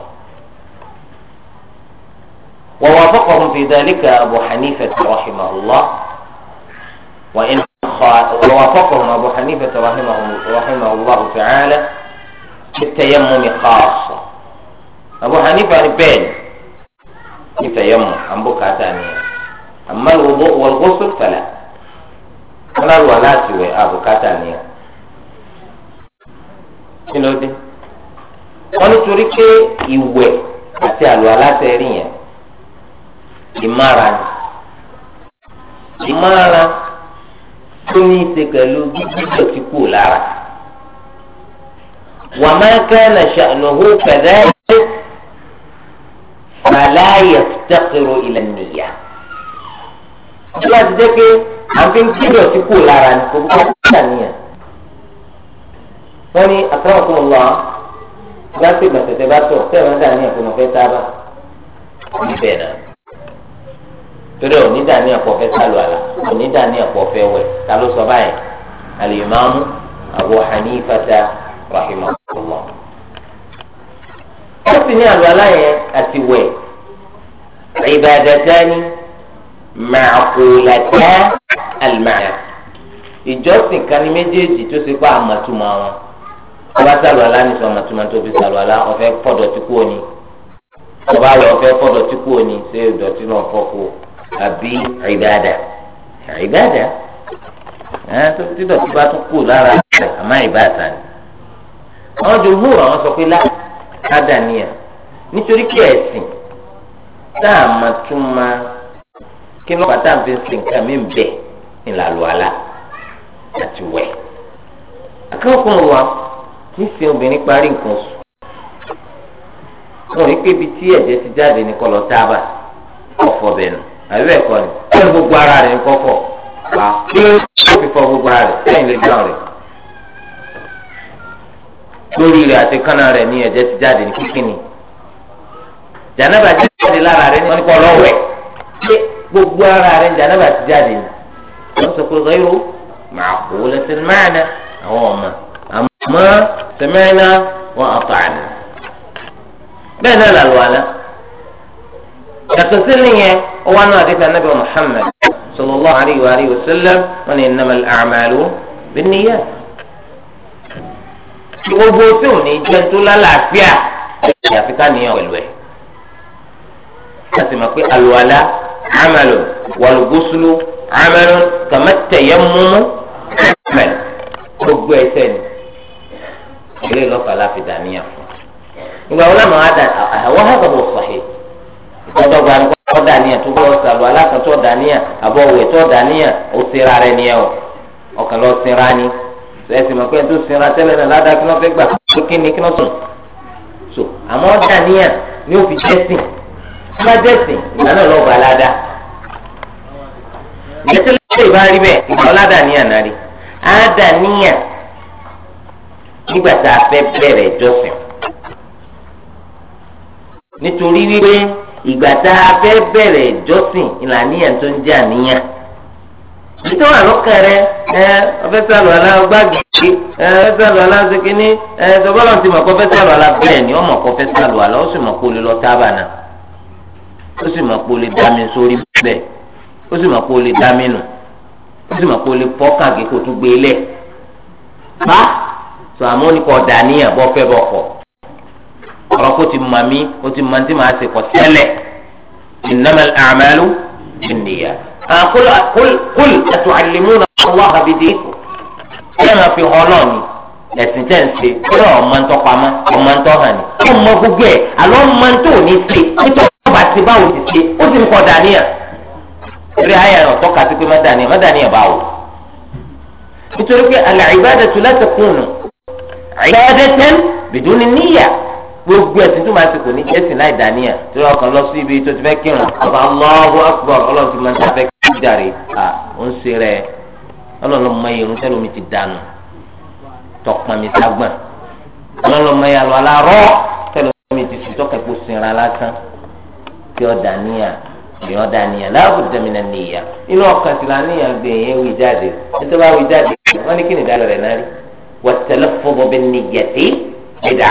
ووافقهم في ذلك أبو حنيفة رحمه الله وإن ووافقهم أبو حنيفة رحمه, رحمه الله تعالى في التيمم خاصة Abu Hanifa ni bẹ́ẹ̀ ni nífẹ̀ẹ́ mọ̀ àbúkátà ni àmọ́ wọ́lgọ́sọ̀ fẹ̀lá wọn náà wà láti wẹ̀ àbúkátà ni kí ló dé wọn nítorí pé ìwẹ̀ àti àlọ́ alátẹ̀rí yẹn ìmára ni ìmára tó ní í gbígbé ti kú lára wàmẹ́kẹ́ nà ṣàlùhù kẹ̀dẹ́. فلا يفتقر إلى النية ìjọba ti jẹ́ pé àfi ń kí ìdọ̀tí kù lára ní kò bá kúkà nìyẹn. wọ́n ní àtàwọn ọ̀la bá ti gbàtẹ̀tẹ̀ bá tọ̀ tẹ̀ wọ́n dàní ẹ̀kọ́ mọ̀fẹ́ sábà níbẹ̀ náà. torí òní dàní ẹ̀kọ́ fẹ́ sálù àlà òní dàní ẹ̀kọ́ fẹ́ wẹ̀ ta ló sọ báyìí al Abu Hanifata rahimahullah ó sì ní àlùwàlá yẹn àti wẹ̀ ìbàdàdàní màkùlàtà àlùmáà ìjọsìn kan ní méjèèjì tó ṣe pé àmàtúmọ̀ wọn ọba sàlùwàlá ní sọ àmàtúmọ̀ tó fi sàlùwàlá ọ̀fẹ́ pọ̀dọ̀tí kú òní ọba wẹ̀ ọ̀fẹ́ pọ̀dọ̀tí kú òní ṣé ìdọ̀tí náà fọ́ kú àbí ìbàdà ìbàdà tó ti bá tún kú lára àmà ìbàdà ni. àwọn jòhùn àwọn sọ pé láti kádàníyà nítorí kí ẹ̀sìn tá a máa tún máa kí ló bàtà fi ń sin nǹkan mi bẹ̀ ìlàlù àlá àti wẹ̀. akẹ́kọ̀ọ́ wa níṣẹ́ obìnrin parí nǹkan sùn wọn rí pé ibi tí ẹ̀jẹ̀ ti jáde ní kọlọ tábà ọ̀fọ̀ bẹ̀ nù àbí bẹ́ẹ̀ kọ́ ni wọ́n ní gbogbo ara rẹ̀ ń kọ́kọ́ wà á kí ló fi fọ gbogbo ara rẹ̀ sẹ́yìn lè dáhùn rẹ̀. lórí rẹ̀ àti kánà rẹ̀ ní ẹ̀jẹ̀ ti jáde ní kíkínni jànàbà ti jáde lára rẹ̀ wọn kọ lọ́wẹ̀ ṣé gbogbo ara rẹ̀ jànàbà ti jáde ní wọn sọ pé oyo màá kó lẹ́sẹ̀ máa ná àwọn ọmọ àmọ́ sẹ́mẹ́nà wọn àtọ̀ àná bẹ́ẹ̀ náà làlọ́ àná yàtọ̀ sílẹ̀ yẹn wọn náà àti sànàbì Muhammad solola ariwa ariwa sallam wọn ni innamal a'malu bin niyyat. gbogbo tí ò ní jẹ́ tó lálàáfíà ẹ̀yà fi ká nìyàn pẹ̀lú ẹ̀. láti mọ̀ pé àlùwàlá àmàlù wàlùgúsùlù àmàlù kàmẹ́tẹ̀yẹ múmú àmàlù gbogbo ẹsẹ̀ ni ilé lọ́kà láfi dàníyàn fún. ìgbà wo lámà àwọn àgbàbọ̀ sọ̀hìn ìtọ́jọba ní kọ́ dàníyàn tó bá ọ̀sẹ̀ alákàtọ́ dàníyàn àbọ̀wẹ̀ dàníyàn ó sinra rẹ̀ ni ọ̀ ọ̀kàn lọ sinra ni lẹ́sìn mọ̀ pé ẹni tó sinra tẹ́lẹ̀ náà ládàá kí wọ́n fẹ́ gbà tó kí ni kí wọ́n sùn so àmọ́ dàníyàn ni ó fi jẹ́sìn tí wọ́n jẹ́sìn ìgbà náà lọ́ọ́ bá ládàá ìgbésílẹ̀ ìbá rí bẹ́ẹ̀ ìgbà ọ̀làdàníyàn náà rí àdàníyàn nígbà tá a fẹ́ bẹ̀rẹ̀ ìjọsìn nítorí wípé ìgbà tá a fẹ́ bẹ̀rẹ̀ ìjọsìn ìlàníyàn tó ń jẹ́ àníyàn títí wà lọ́kàn rẹ ẹ ọfẹ́ sàlù alágbàgbé ẹ ọfẹ́ sàlù aláṣekínní ẹ sọgbọ́n ti mọ̀ kọ́ fẹ́ sàlù alábẹ́ẹ̀ ni ọmọ kọ́ fẹ́ sàlù alá ó sì mọ̀ kó lè lọ tábà náà ó sì mọ̀ kó lè dá mi sórí bẹ́ẹ̀ ó sì mọ̀ kó lè dá mi nù ó sì mọ̀ kó lè pọ́ kàgé kó tún gbé e lẹ̀ bá sọ àmọ́ ní kò dàníyàn bọ́ fẹ́ bọ́ kọ̀ ọ̀rọ̀ kó ti mọ̀ mí ó ti mọ̀ ní tí màá ṣe kọ̀ قل قل قل أتعلمون الله بدينكم كما في غلامي ẹ̀sìn tẹ́ ń ṣe kúrò ọmọ ń tọ́pa mọ́ ọmọ ń tọ́ hàn ní. ọmọ gbogbo ẹ̀ àlọ́ ọmọ ń tó ní ṣe nítorí ọba ti báwo ti ṣe ó sì ń kọ́ dàníyàn. eré ayé àwọn ọ̀tọ́ kàti pé má dàníyàn má dàníyàn báwo. nítorí pé al-ibadatu la takunu ibadatan biduni niyya gbogbo ẹ̀sìn tó máa ti kò ní ẹ̀sìn láì dàníyà tí wọ́n kàn lọ sí ibi tó ti fẹ́ kírun àbá Allahu Akbar ọlọ́run ti máa ń tafẹ́ kí dàrí à ń ṣe rẹ̀ ọlọ́run mọ irun tẹ́lẹ̀ omi ti dànù tọpọn mi sagbọn ọlọ́run mọ ìyàlọ́ alárọ́ tẹ́lẹ̀ omi ti sùn tọ́kẹ́ kó sinra lásán tí ọ dàníyà tí ọ dàníyà láàbù dẹ́mínà nìyà inú ọkàn ti la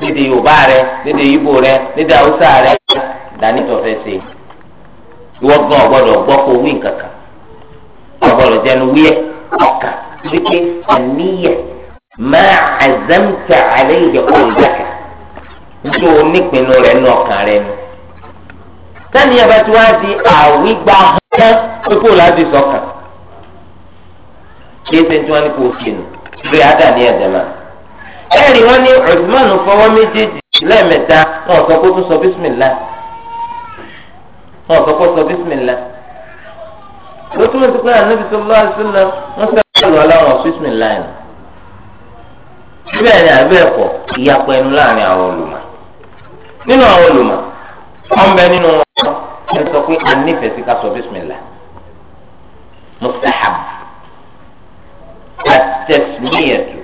lédè yorùbá rẹ lédè ibo rẹ lédè haúsá rẹ dání tó fẹ́ ṣe ìwọ gan ọgbọ́dọ̀ gbọ́ kó wí nǹkan kan ọgbọ́dọ̀ jẹnu wíyẹ ọkà wípé àníyẹ máa àzámta àlẹ́ ìjọkọ̀ ìjàkà nítorí onípinnu rẹ̀ nù ọkàn rẹ̀ nù sani yaba ti wá di àwígbà hàn kókó láti sọkàn kí ẹsẹ̀ tí wọ́n ní fi nù ẹ̀rí wọn ní Usman fọwọ́ méjèèjì lẹ́ẹ̀mẹ́ta wọn sọ pé kó sọ bísímìlá wọn sọ pé sọ bísímìlá lótú mẹ́tò pé ànábi sallallahu alaihi wasallam wọ́n sọ lọ́ọ́ láwọn bísímìlá yẹn bẹ́ẹ̀ ni àbẹ́ ẹ̀kọ́ ìyapọ̀ ẹnu láàrin àwọn olùmọ̀ nínú àwọn olùmọ̀ wọ́n bẹ nínú wọn ẹ sọ pé a sí ká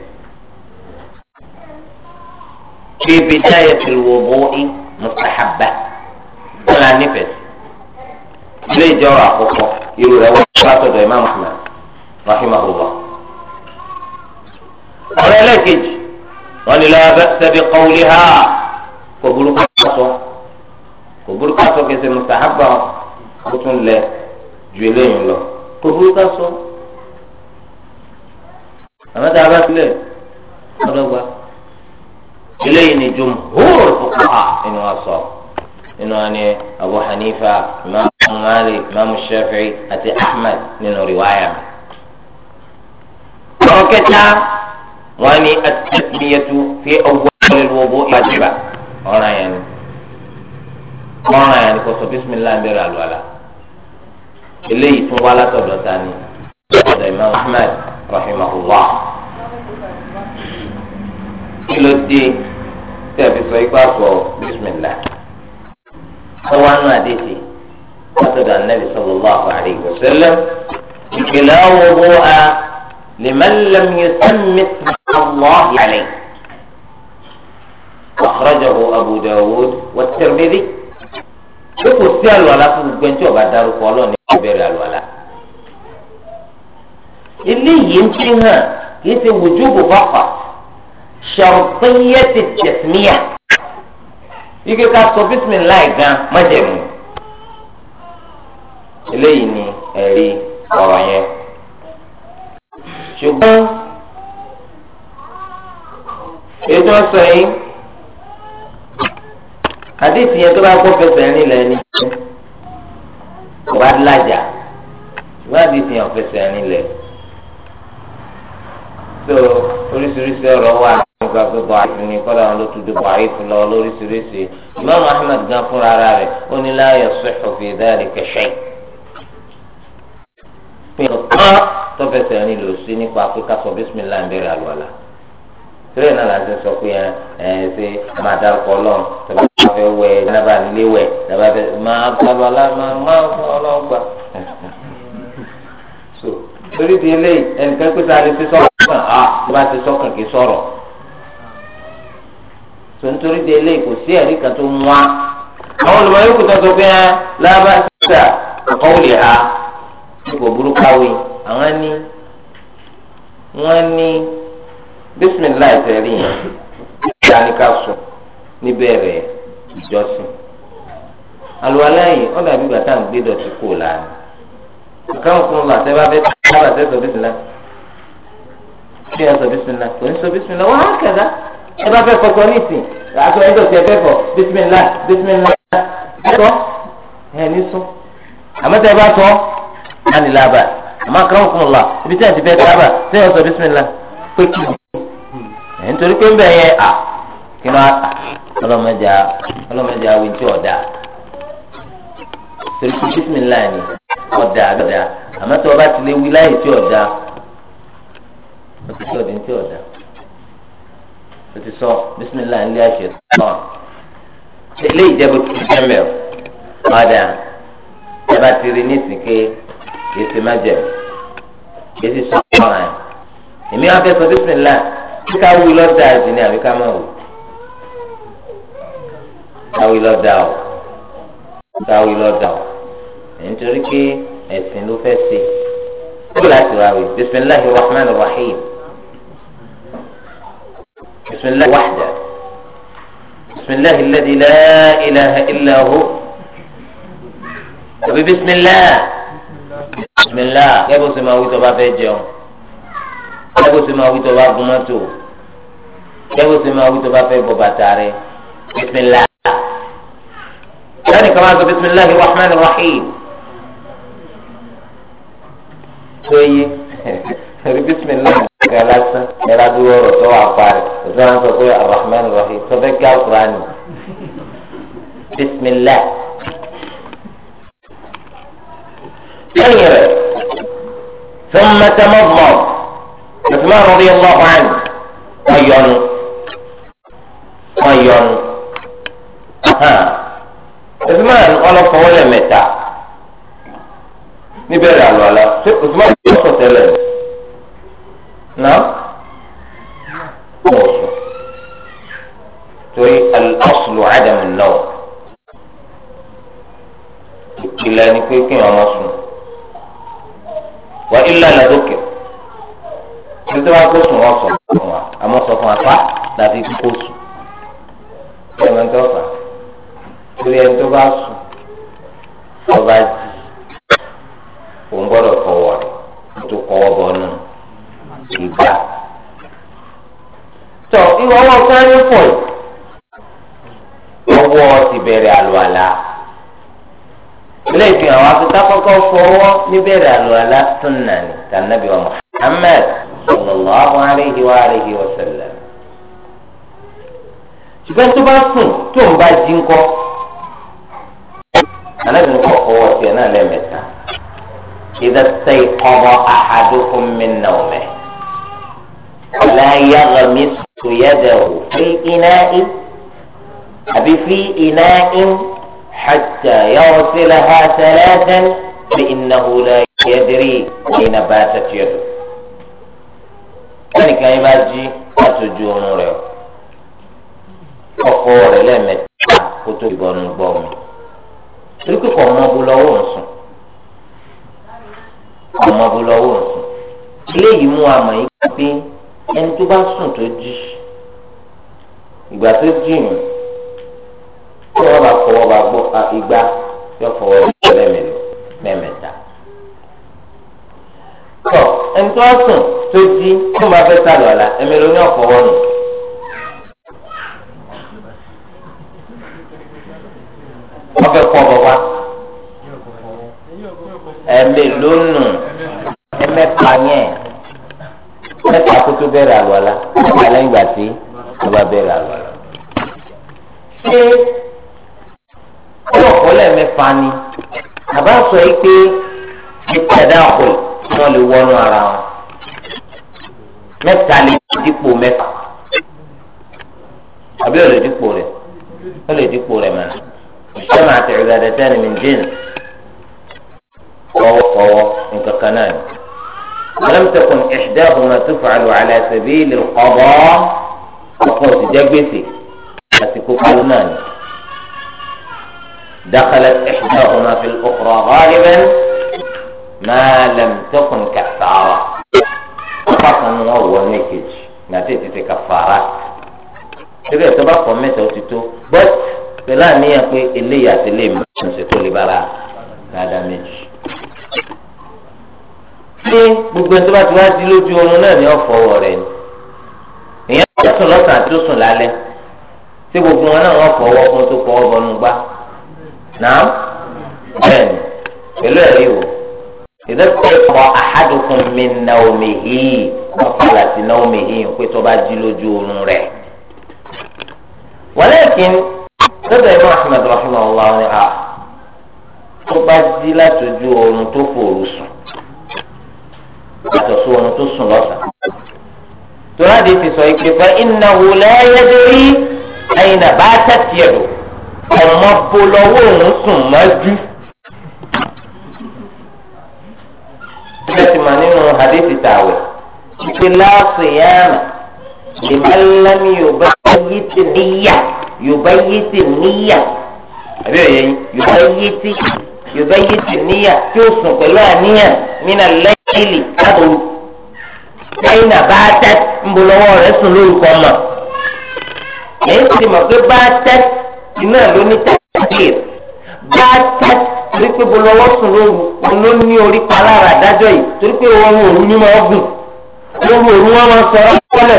fi bidayati al-wudu'i mustahabba wọn là nífẹ̀ẹ́ sí ilé ìjọba àkọ́kọ́ irú rẹ̀ wọ́n bá tọ̀dọ̀ imam ahmed rahimahullah ọ̀rẹ́ lẹ́ẹ̀kejì wọn ni lọ́wọ́ bẹ́ẹ̀ bi qawliha kò burúkú sọ kò burúkú sọ kẹsẹ̀ mustahabba ó tún lẹ̀ ju eléyìí lọ kò burúkú sọ àmọ́ tá a bá tilẹ̀ ọlọ́gbà eléyìí ni jumhur fuqaha inú wa sọ nínú wa ni abu hanifa imaamu malik imaamu shafi'i àti ahmed nínú riwaayà mi. ọ̀rọ̀ kẹta wọn ni at-tasmiyatu fi awwal al-wudu' wajiba ọ̀ràn yẹn ni ọ̀ràn yẹn ni kò sọ bisimilahi bẹ̀rẹ̀ àlùwàlà eléyìí tún wá látọ̀dọ̀ ta ni ọ̀dọ̀ imaamu ahmed rahimahullah kí ló dé tẹ̀fi sọ ipá sọ bísímìlá ọwọ́ àánú àdéhìí látọ̀dọ̀ ànábì sallallahu alaihi wasallam ìpìlẹ̀ owó a liman lam yusammi Allah alayhi akhrajahu Abu Dawud wa Tirmidhi pé kò sí àlùwàlá fún gbogbo ẹni tí ọba darúkọ ọlọ́ọ̀ni kò bẹ̀rẹ̀ àlùwàlá. eléyìí ń fi hàn kì í ṣe wujubu faqat ṣàwùtẹ́yẹ ti tẹ̀síníyà ike ká sọ bísímìláì gan májẹ̀mú eléyìí ni ẹ̀rí ọ̀rọ̀ yẹn ṣùgbọ́n ètò ọ̀sẹ̀ yìí àdéhùn yẹn tó bá kó fẹsẹ̀ rìn lẹ́ni kò bá lájà ìwádìí ti hàn fẹsẹ̀ rìn lẹ́ni so oríṣiríṣi ọ̀rọ̀ wà nípa pé bọ̀ọ̀ìfù ni kọ́lá wọn ló tún di bọ̀ọ̀ìfù lọ lóríṣiríṣi ìmáàmù ahmed gan fúnra ara rẹ̀ ó ní láàyè sọ̀xọ̀ fi dáàlì kẹsẹ̀. pé ọ̀kan tó fẹsẹ̀ rìn lò sí nípa pé ká sọ bísímìlá ń bẹ̀rẹ̀ àlùwàlà. sílẹ̀ náà láti sọ pé ẹ ẹ ṣe máa dárúkọ ọlọ́run tó bá fẹ́ wẹ̀ dábàá nílé wẹ̀ dábàá fẹ́ máa gbàgbọ́ torí di eléyìí ẹnìkan pé sáré ti sọ́kàn á tó bá ti sọ́kàn kì í sọ̀rọ̀ tó ń torí di eléyìí kò sí ẹ̀rí kan tó mú wa. àwọn olùmọ̀ yóò kó tọ́tọ́ pé lábá sísà ọkọ̀ ha kò burúkú awé àwọn ní wọ́n ní bísímìláì tẹ̀lé yẹn ni ká sùn níbẹ̀rẹ̀ ìjọsìn. ọ̀dà àkàrà fún ọmọ àtẹ́wá bẹ́ẹ̀ tí wọ́n àtẹ́ sọ bísìnlá kí ẹ sọ bísìnlá kò ní sọ bísìnlá wọ́n á kẹ́dá ẹ bá fẹ́ kọ́kọ́ ní ìsìn àti ọ̀yẹ́dọ̀ tí ẹ fẹ́ fọ́ bísìnlá bísìnlá ẹ̀tọ́ ẹ̀ ní sọ àmọ́tẹ́ bá sọ á nílá bá àmọ́ àkàrà fún ọmọ ibi tí ẹ ti fẹ́ dábà tí ẹ sọ bísìnlá pé kí ẹ nítorí pé ń bẹ̀ yẹn à kí ló á ọlọ́mọdé àwọn ìjọ ọ̀dà torí pé bísímìlá ni ọ̀dà àgbàdà àmọ́ tí wọ́n bá ti lé wí láyé tí ọ̀dà ó ti sọ ọ̀dín tí ọ̀dà ó ti sọ bísímìlá ń lé àṣẹ tán ilé ìjẹ́bù ti jẹ́ mẹ́ọ̀ ọ̀dà ẹ bá ti rí ní ìsìnké èsì má jẹ èsì sọ ọ̀ràn ẹ̀ èmi wá fẹ́ sọ bísímìlá kí ká wí lọ́dà àjìní àbí ká má wò ká wí lọ́dà ọ̀ dáwé lọ́dà nítorí pé ẹ̀sìn ló fẹ́ ṣe kó láti ra wí bisimilahi rahman rahim bisimilahi wahda bisimilahi alladhi la ilaha illa hu àbí bisimilahi bisimilahi kẹ́bù sí máa wí tó bá fẹ́ jẹun kẹ́bù sí máa wí tó bá gun mọ́tò kẹ́bù sí máa wí tó bá fẹ́ bọ́ bàtà rẹ̀ bisimilahi. يعني كما بسم الله الرحمن الرحيم سوي بسم الله قالت يلا دور تو عفار زمان تقول الرحمن الرحيم فبك يا قراني بسم الله تنيرت ثم تمضمض عثمان رضي الله عنه أيون أيون ها Usman ọlọ́fọwọ́ lẹ̀ mẹ́ta níbẹ̀rẹ̀ àlọ́ àlá ṣé Usman ti sọ tẹ́lẹ̀ náà wọ́n sọ torí al-aslu adamu náà ìpìlẹ̀ ni pé kí ọmọ sùn wà ilé àlàdókè tí tí wọ́n kó sùn wọ́n sọ fún wa àmọ́ sọ fún wa fa láti kó sùn torí ẹni tó bá sùn ọba jì òun gbọ́dọ̀ kọwọ rẹ tó kọwọ bọ nù ìgbà tọ ìwọ ọwọ sáré pọ ọwọ́ ti bẹ̀rẹ̀ àlùwàlà ilé ìfihàn wa tó sákòókò fọwọ́ níbẹ̀rẹ̀ àlùwàlà sunna ni tànàbí wa Muhammad sallallahu alayhi wa alayhi wa sallam ṣùgbọ́n tó bá sùn tó ń bá jí ń kọ́. أنا فوق هو أنا ليمتنا إذا استيقظ أحدكم من نومه لا يغمس يده في إناء أبي في إناء حتى يغسلها ثلاثا فإنه لا يدري أين باتت يده كان كان يباجي أتجو نوره أقول لمتنا كتب البوم torí pé kọ̀ ọmọ bu lọ́wọ́ ń sùn ọmọ bu lọ́wọ́ ń sùn eléyìí mú àmọ̀ yìí pé ẹni tó bá sùn tó jí ìgbà tó jí yìí tó wọn bá fọwọ́ bá gbọ́ igba yóò fọwọ́ bá lẹ́mẹ̀lẹ́ mẹ́mẹ́ta tọ ẹni tó sùn tó jí tó máa fẹ́ sálọ̀ la oní ọ̀fọwọ́ nù. wọ́n fẹ́ kọ́ ọ̀bọ̀ wa. ẹ̀mí lónù ẹ̀mẹ́ta yẹn mẹ́ta kó tó bẹ̀rẹ̀ àlùwàlá mẹ́ta lẹ́yìn ìgbà tí ó bá bẹ̀rẹ̀ àlùwàlá. ṣé ọlọ́pọ̀ lẹ́ẹ̀mẹ́fà ni àbá sọ yìí pé ìtẹ̀dá ọ̀pọ̀ yìí wọ́n lè wọnú ara wọn mẹ́ta lè dípò mẹ́fà àbí ó lè dípò rẹ̀ ó lè dípò rẹ̀ mẹ́ta. اجتمعت عبادتان من جنس وهو وهو انتقنان ولم تكن إحداهما تفعل على سبيل القضاء فقلت جبتي أتكو قلمان دخلت إحداهما في الأخرى غالبا ما لم تكن كفارة فقط هو نكج ما تأتي كفارات تبقى تبقى متى وتتو بس pẹ̀lú àníyàn pé eléyìí àti eléyìí máa ń ṣe tó lè bára dáadáa méjì. ṣé gbogbo ẹni tó bá ti wá di lójú oorun náà ni ọ̀fọ̀wọ̀ rẹ̀ ni èèyàn tó sùn lọ́sàn-án tó sùn lálẹ́ ṣé gbogbo wọn náà wọ́n fọwọ́ kún tó fọwọ́ bọnú gbá náà bẹ́ẹ̀ ni pẹ̀lú ẹ̀rí wò ìdẹ́kọ̀ọ́ ahadukum min nawmihi ọ̀pọ̀lá sí nawmihi pé tó bá jí lójú oorun rẹ̀ walakin sọ́dọ̀ ẹ̀ máa fún ẹ̀dọ̀rọ̀ fún ọ̀la ọ̀rẹ́ à tó bá jí láti ojú oorun tó fòrò sùn yàtọ̀ sí oorun tó sùn lọ́sàn. tòládì ti sọ ike fẹ́ iná wò lẹ́yẹ́dẹ́ rí ẹyin náà bá tẹ̀sí ẹ̀dọ̀ ọmọ bo lọ́wọ́ òun sùn mọ́jú. ìrẹsì mà nínú hadithi tàwẹ̀ ìpínlẹ̀ ọ̀sẹ̀ yẹn àmà ìmọ̀lẹ́mí yorùbá yìí ti níyà. yorùbá yé tè níyà àbí òye yorùbá yé tè yorùbá yé tè níyà tí ó sùn pẹ̀lú àníyàn nínú lẹ́yìnlì káàbò lẹ́yìn náà tẹ́ ń bọ̀ lọ́wọ́ rẹ̀ sùn lórúkọ ọmọ lẹ́yìn tí mo pé bá tẹ́ iná ló ní tẹ́tẹ́ bá tẹ́ torí pé bọ̀ lọ́wọ́ sùn lóru ló ní orí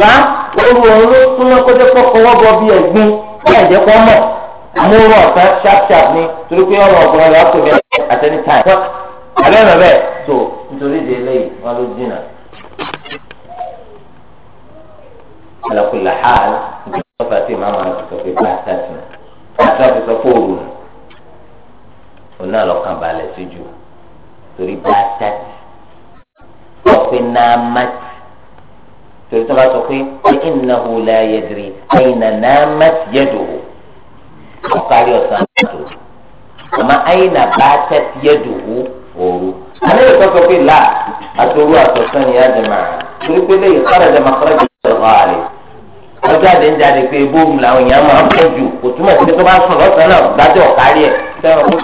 wá oru òun ló súnmọ́ kótó kọ́kọ́ wọ́gbọ́ bí ẹ̀gbin bẹ́ẹ̀ jẹ́ kọ́ mọ̀ àmọ́ orun ọ̀sán sharp sharp ni torí pé ọ̀rọ̀ ọ̀gbọ̀n rẹ̀ ọ̀pẹ̀ mi at any time. àbẹ́ ẹ̀rọ bẹ́ẹ̀ tó nítorí ìdè eléyìí wọn ló dínà. àlọ́kùnlé hàl ìjọba tí màmá rẹ̀ sọ pé bá a sàtìmọ̀ àtúwà fi sọ fóònù òun náà lọ́kàn balẹ̀ síjú torí bá a sàtì ọ̀pẹ̀ torí tó bá sọ pé innahu la yadri ayna namat yaduhu ọ̀kárí ọ̀sán àtò àmọ́ ayna batat yaduhu òru. alẹ́ ìkọ́ sọ pé là àtòrú àtọ̀sán ni á dìmọ̀ torí pé lè kọ́ra dẹ̀ máa kọ́ra dẹ̀ sọ̀rọ̀ àlè. ọjọ́ àdé ń jáde pé bóòmù làwọn èèyàn máa ń pọ̀ jù kò túmọ̀ sí pé tó bá sùn lọ́sàn náà gbájọ́ ọ̀kárí ẹ̀ fẹ́ràn kó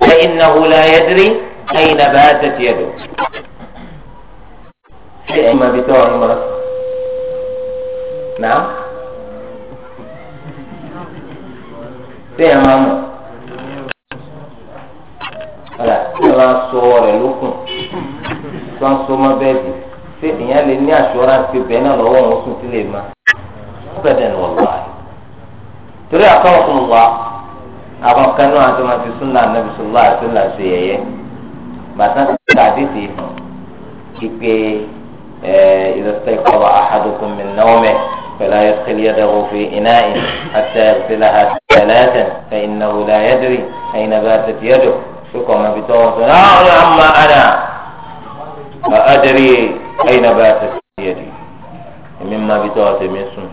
فإنه لا يدري أين باتت يده إما بتوع المرض نعم sẹ́yìn máa mọ̀ ọ̀là tí wọ́n á sọ ọ̀rẹ́ lókun tí wọ́n á sọ ọmọ bẹ́ẹ̀dì ṣé èèyàn lè ní assurance pé bẹ́ẹ̀ àwọn kan náà tó máa fi súnà nàbì sọlá àtúnlá ṣe yẹ̀yẹ́ bàtà tàdídì hàn kíkẹ ẹ ìdọ̀tẹ́ kọ́ba ahadukum min nawmi fala yadkhil yadahu fi iná àti ina'in hatta yaghsilaha thalathan fa innahu la yadri ayna batat yaduhu kíkọ́ ọmọ ibi tọ́wọ́ sọ náà ọ̀rọ̀ àmà àná fa adri ayna batat yadi èmi máa ibi tọ́wọ́ sọ èmi sùn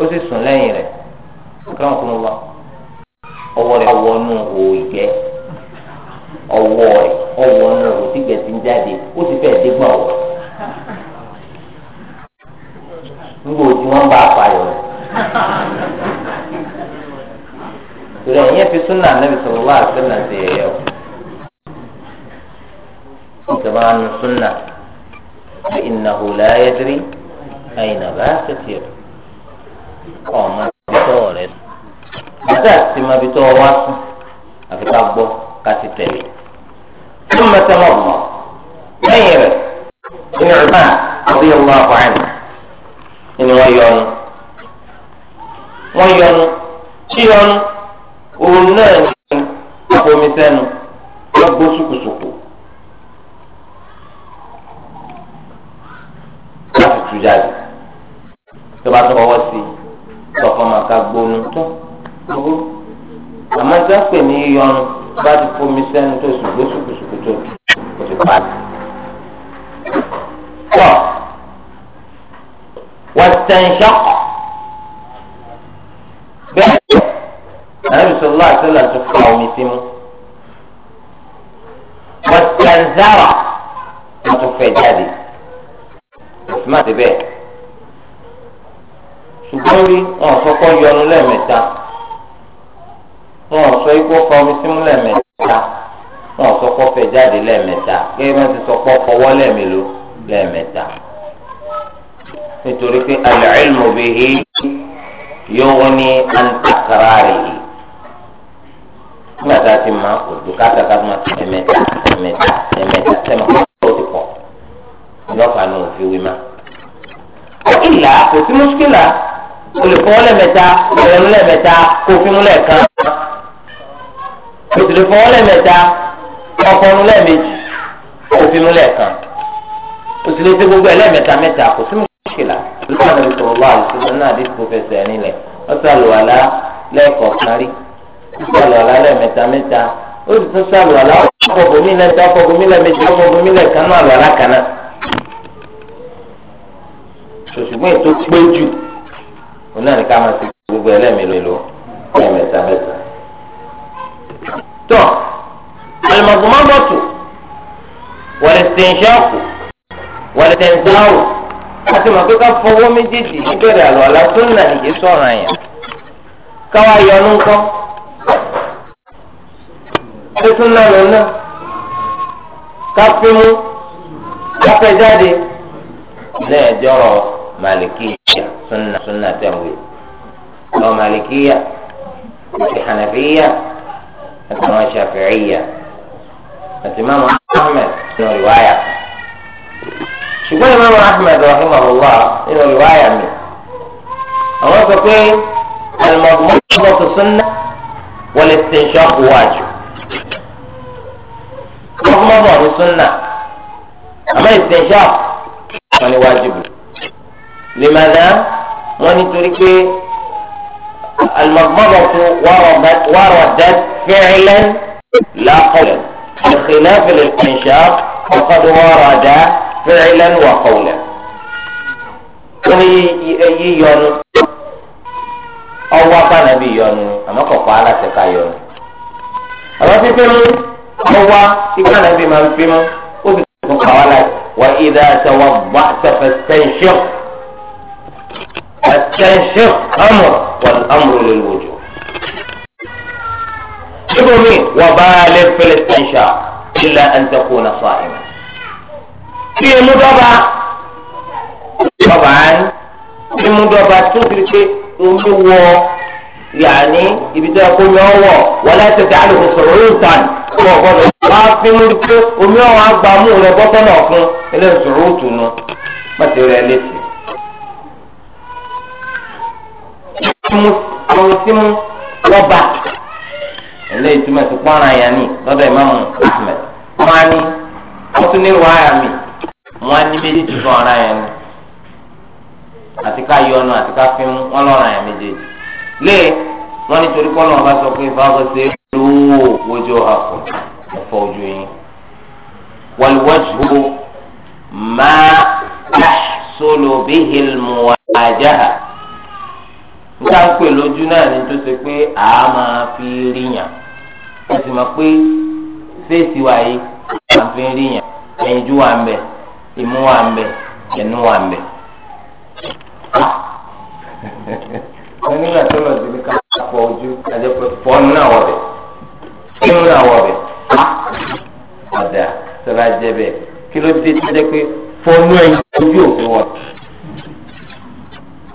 ó sì sùn lẹ́yìn rẹ̀. kíláwọ̀ kúlọ̀ wá ọwọ́ rẹ̀ ọwọ́ nù hò ìgbẹ́ ọwọ́ rẹ̀ ọwọ́ nù hò sígbẹ̀ tí ń jáde ó ti fẹ́ẹ̀ wọ̀ nígbà wọn bá fi súnà nàbì sọ̀rọ̀ wá ìjọba nu súnà ìnáwó láyé dírí ṣètìlẹ̀ tọwọ́ rẹ sùn àti àti máa fi tọwọ́ wá sùn àfi ká gbọ́ ká ti tẹ̀lé fún mẹsàmọ ọmọ lẹ́yìn rẹ ìní ọgbà àbí ọgbà àbáyé ni wọn yọnu wọn yọnu tí yọnu òun náà ní àbomi sẹ́nu wọn gbó sùkùsùkù láti tú tó bá sí i lọ́kọ́ máa ka gbónú tó gbogbo àmọ́ tí wọ́n pè ní yíyọnu bá ti fomi sẹ́nu tó ṣùgbọ́n ṣùkùṣùkù tó kò ti pa á. tọ́ wàtẹ̀ǹṣọ́ bẹ́ẹ̀ àrùn sọlá àtọ́là tó fa omi sí mu wàtẹ̀ǹzára wọ́n tún fẹ́ jáde òfin máa ti bẹ́ẹ̀ lórí wọn fọkọ yọnu lẹ́ẹ̀mẹ́ta wọn sọ ikú ọkọ omi símú lẹ́ẹ̀mẹ́ta wọn sọ kọ fẹ̀ jáde lẹ́ẹ̀mẹ́ta gẹ́gẹ́ bá ti sọ kọ ọwọ́ lẹ́ẹ̀mélòó lẹ́ẹ̀mẹ́ta nítorí pé al-ilmu bihi yughni an takrarihi nígbà tá a ti máa kò tó káta ká máa ti ẹ̀mẹ́ta ẹ̀mẹ́ta ẹ̀mẹ́ta sẹ́mi kó ti pọ̀ ní ọ̀fà ni òfin wí ma. ìlà kò sí mọ́ṣíkìlà o lè fọwọ́ lẹ́mẹ̀ta ìrẹ̀lú lẹ́mẹ̀ta kó fímú lẹ́ẹ̀kan o sì lè fọwọ́ lẹ́mẹ̀ta ọkọ̀ọ̀nù lẹ́ẹ̀mejì kó fímú lẹ́ẹ̀kan o sì lè ṣe gbogbo ẹ̀ lẹ́ẹ̀mẹta mẹ́ta kò sí mùsùlùmí lọ́wọ́ ní sọ̀rọ̀ wá àlùfáà náà dé kó fẹsẹ̀ nílẹ̀ ọ̀sàlùwàlá lẹ́ẹ̀kọ̀ọ̀kan rí ọ̀sàlùwàlá lẹ́ẹ̀mẹta mẹ́ta ó sì tún sàlùwàlá ọ̀fọ̀bùnmí lẹ́ẹ̀ta ọ̀fọ̀bùnmí lẹ́ẹ̀mejì ọ̀fọ̀bùnmí lẹ́ẹ̀kan náà lọ́ra kan náà ṣùgbọ́n ètò pé jù òun náà ní ká máa ti gbogbo ẹlẹ́mìlélò ẹ̀mẹ́ta mẹ́ta. tọ́ alimọ̀gbọ́mọ́gbọ́tù wọ̀lẹ̀tẹ̀ǹṣọ́ọ̀kù wọ̀lẹ̀tẹ̀ǹdáwù àti mọ̀ pé ká fọwọ́ méjèèjì níbẹ̀rẹ̀ àlọ́ àlá tó nà ìyé sọ̀rọ̀ àyàn káwá yọnu ńkọ́ ẹ̀rọ tó nà lọ́nà ká fímú ká fẹ́ jáde ní ẹ̀jọ̀rọ̀. مالكية سنة سنة تهوي أو مالكية حنفية أتما شافعية الإمام أحمد له رواية شو الإمام أحمد رحمه الله له رواية منه أو تقول المضمضة السنة والاستنشاق واجب المضمضة السنة أما الاستنشاق يعني واجب لماذا؟ وأن تركي المضمضة وردت, وردت فعلا لا قولا بخلاف الاستنشاق فقد ورد فعلا وقولا wọ́n yí yọnu ọwọ́ apáná bí yọnu àmọ́ kọ̀ọ̀kọ́ aláṣẹ ká yọnu. àwọn fífi mú ọwọ́ ìpáná bí máa ń fi mú ó sì tún kàwá láti wà ìdá àtàwọn bá àtàfẹsẹ̀ ń التنسيق أمر والأمر للوجوب ابني وبالغ في الاستنشاق إلا أن تكون صائما في مدبع طبعا في مدبع تدرك أمه يعني يبدأ يقول هو ولا تجعله صعودا kúrò gbọdọ̀ wá fi mú pé omi ọ̀hún agbámú rẹ̀ bọ́tọ́ náà fún eléyìí sùúrù tùnú mọ̀tẹ́rẹ́ létí. àwọn tí mú wọ́n bá eléyìí túmọ̀ sí pọ́nra yẹn ní lọ́dọ̀ ìmáàmù Ahmed wọ́n á ní wọ́n tún ní wàhálà mi wọ́n á ní méjì tó fún ara yẹn ní àti ká yọ ọ̀nà àti ká fi mú wọ́n lọ́ra yẹn méjèèjì lé wọ́n ní torí kọ́ lọ́wọ́ bá sọ pé fáwọn ṣe lówó wojú ọ̀hàpọ̀ ẹ̀fọ́ ojú yín wàlúwàjú máa yàṣọlò bíhìlmù àjáhà níta ń pè lójú náà ni tó ṣe pé a máa fi ríyàn ẹ sì mọ̀ pé fèsì wa yìí à ń fi ríyàn ẹ̀yinjú wa ń bẹ imú wa ń bẹ ẹnu wa ń bẹ. wọ́n nígbà tó lọ síbi ká pọ̀ ojú àjẹpẹ́ fọ́ọ̀nù náà wọ̀ bẹ̀ fọ́ọ̀nù náà wọ̀ bẹ̀ ọ̀dà tó bá bẹ́ẹ̀ kí ló dé tó jẹ́ pé fọ́ọ̀nù ẹ̀yinjú òfin wọ̀ bẹ̀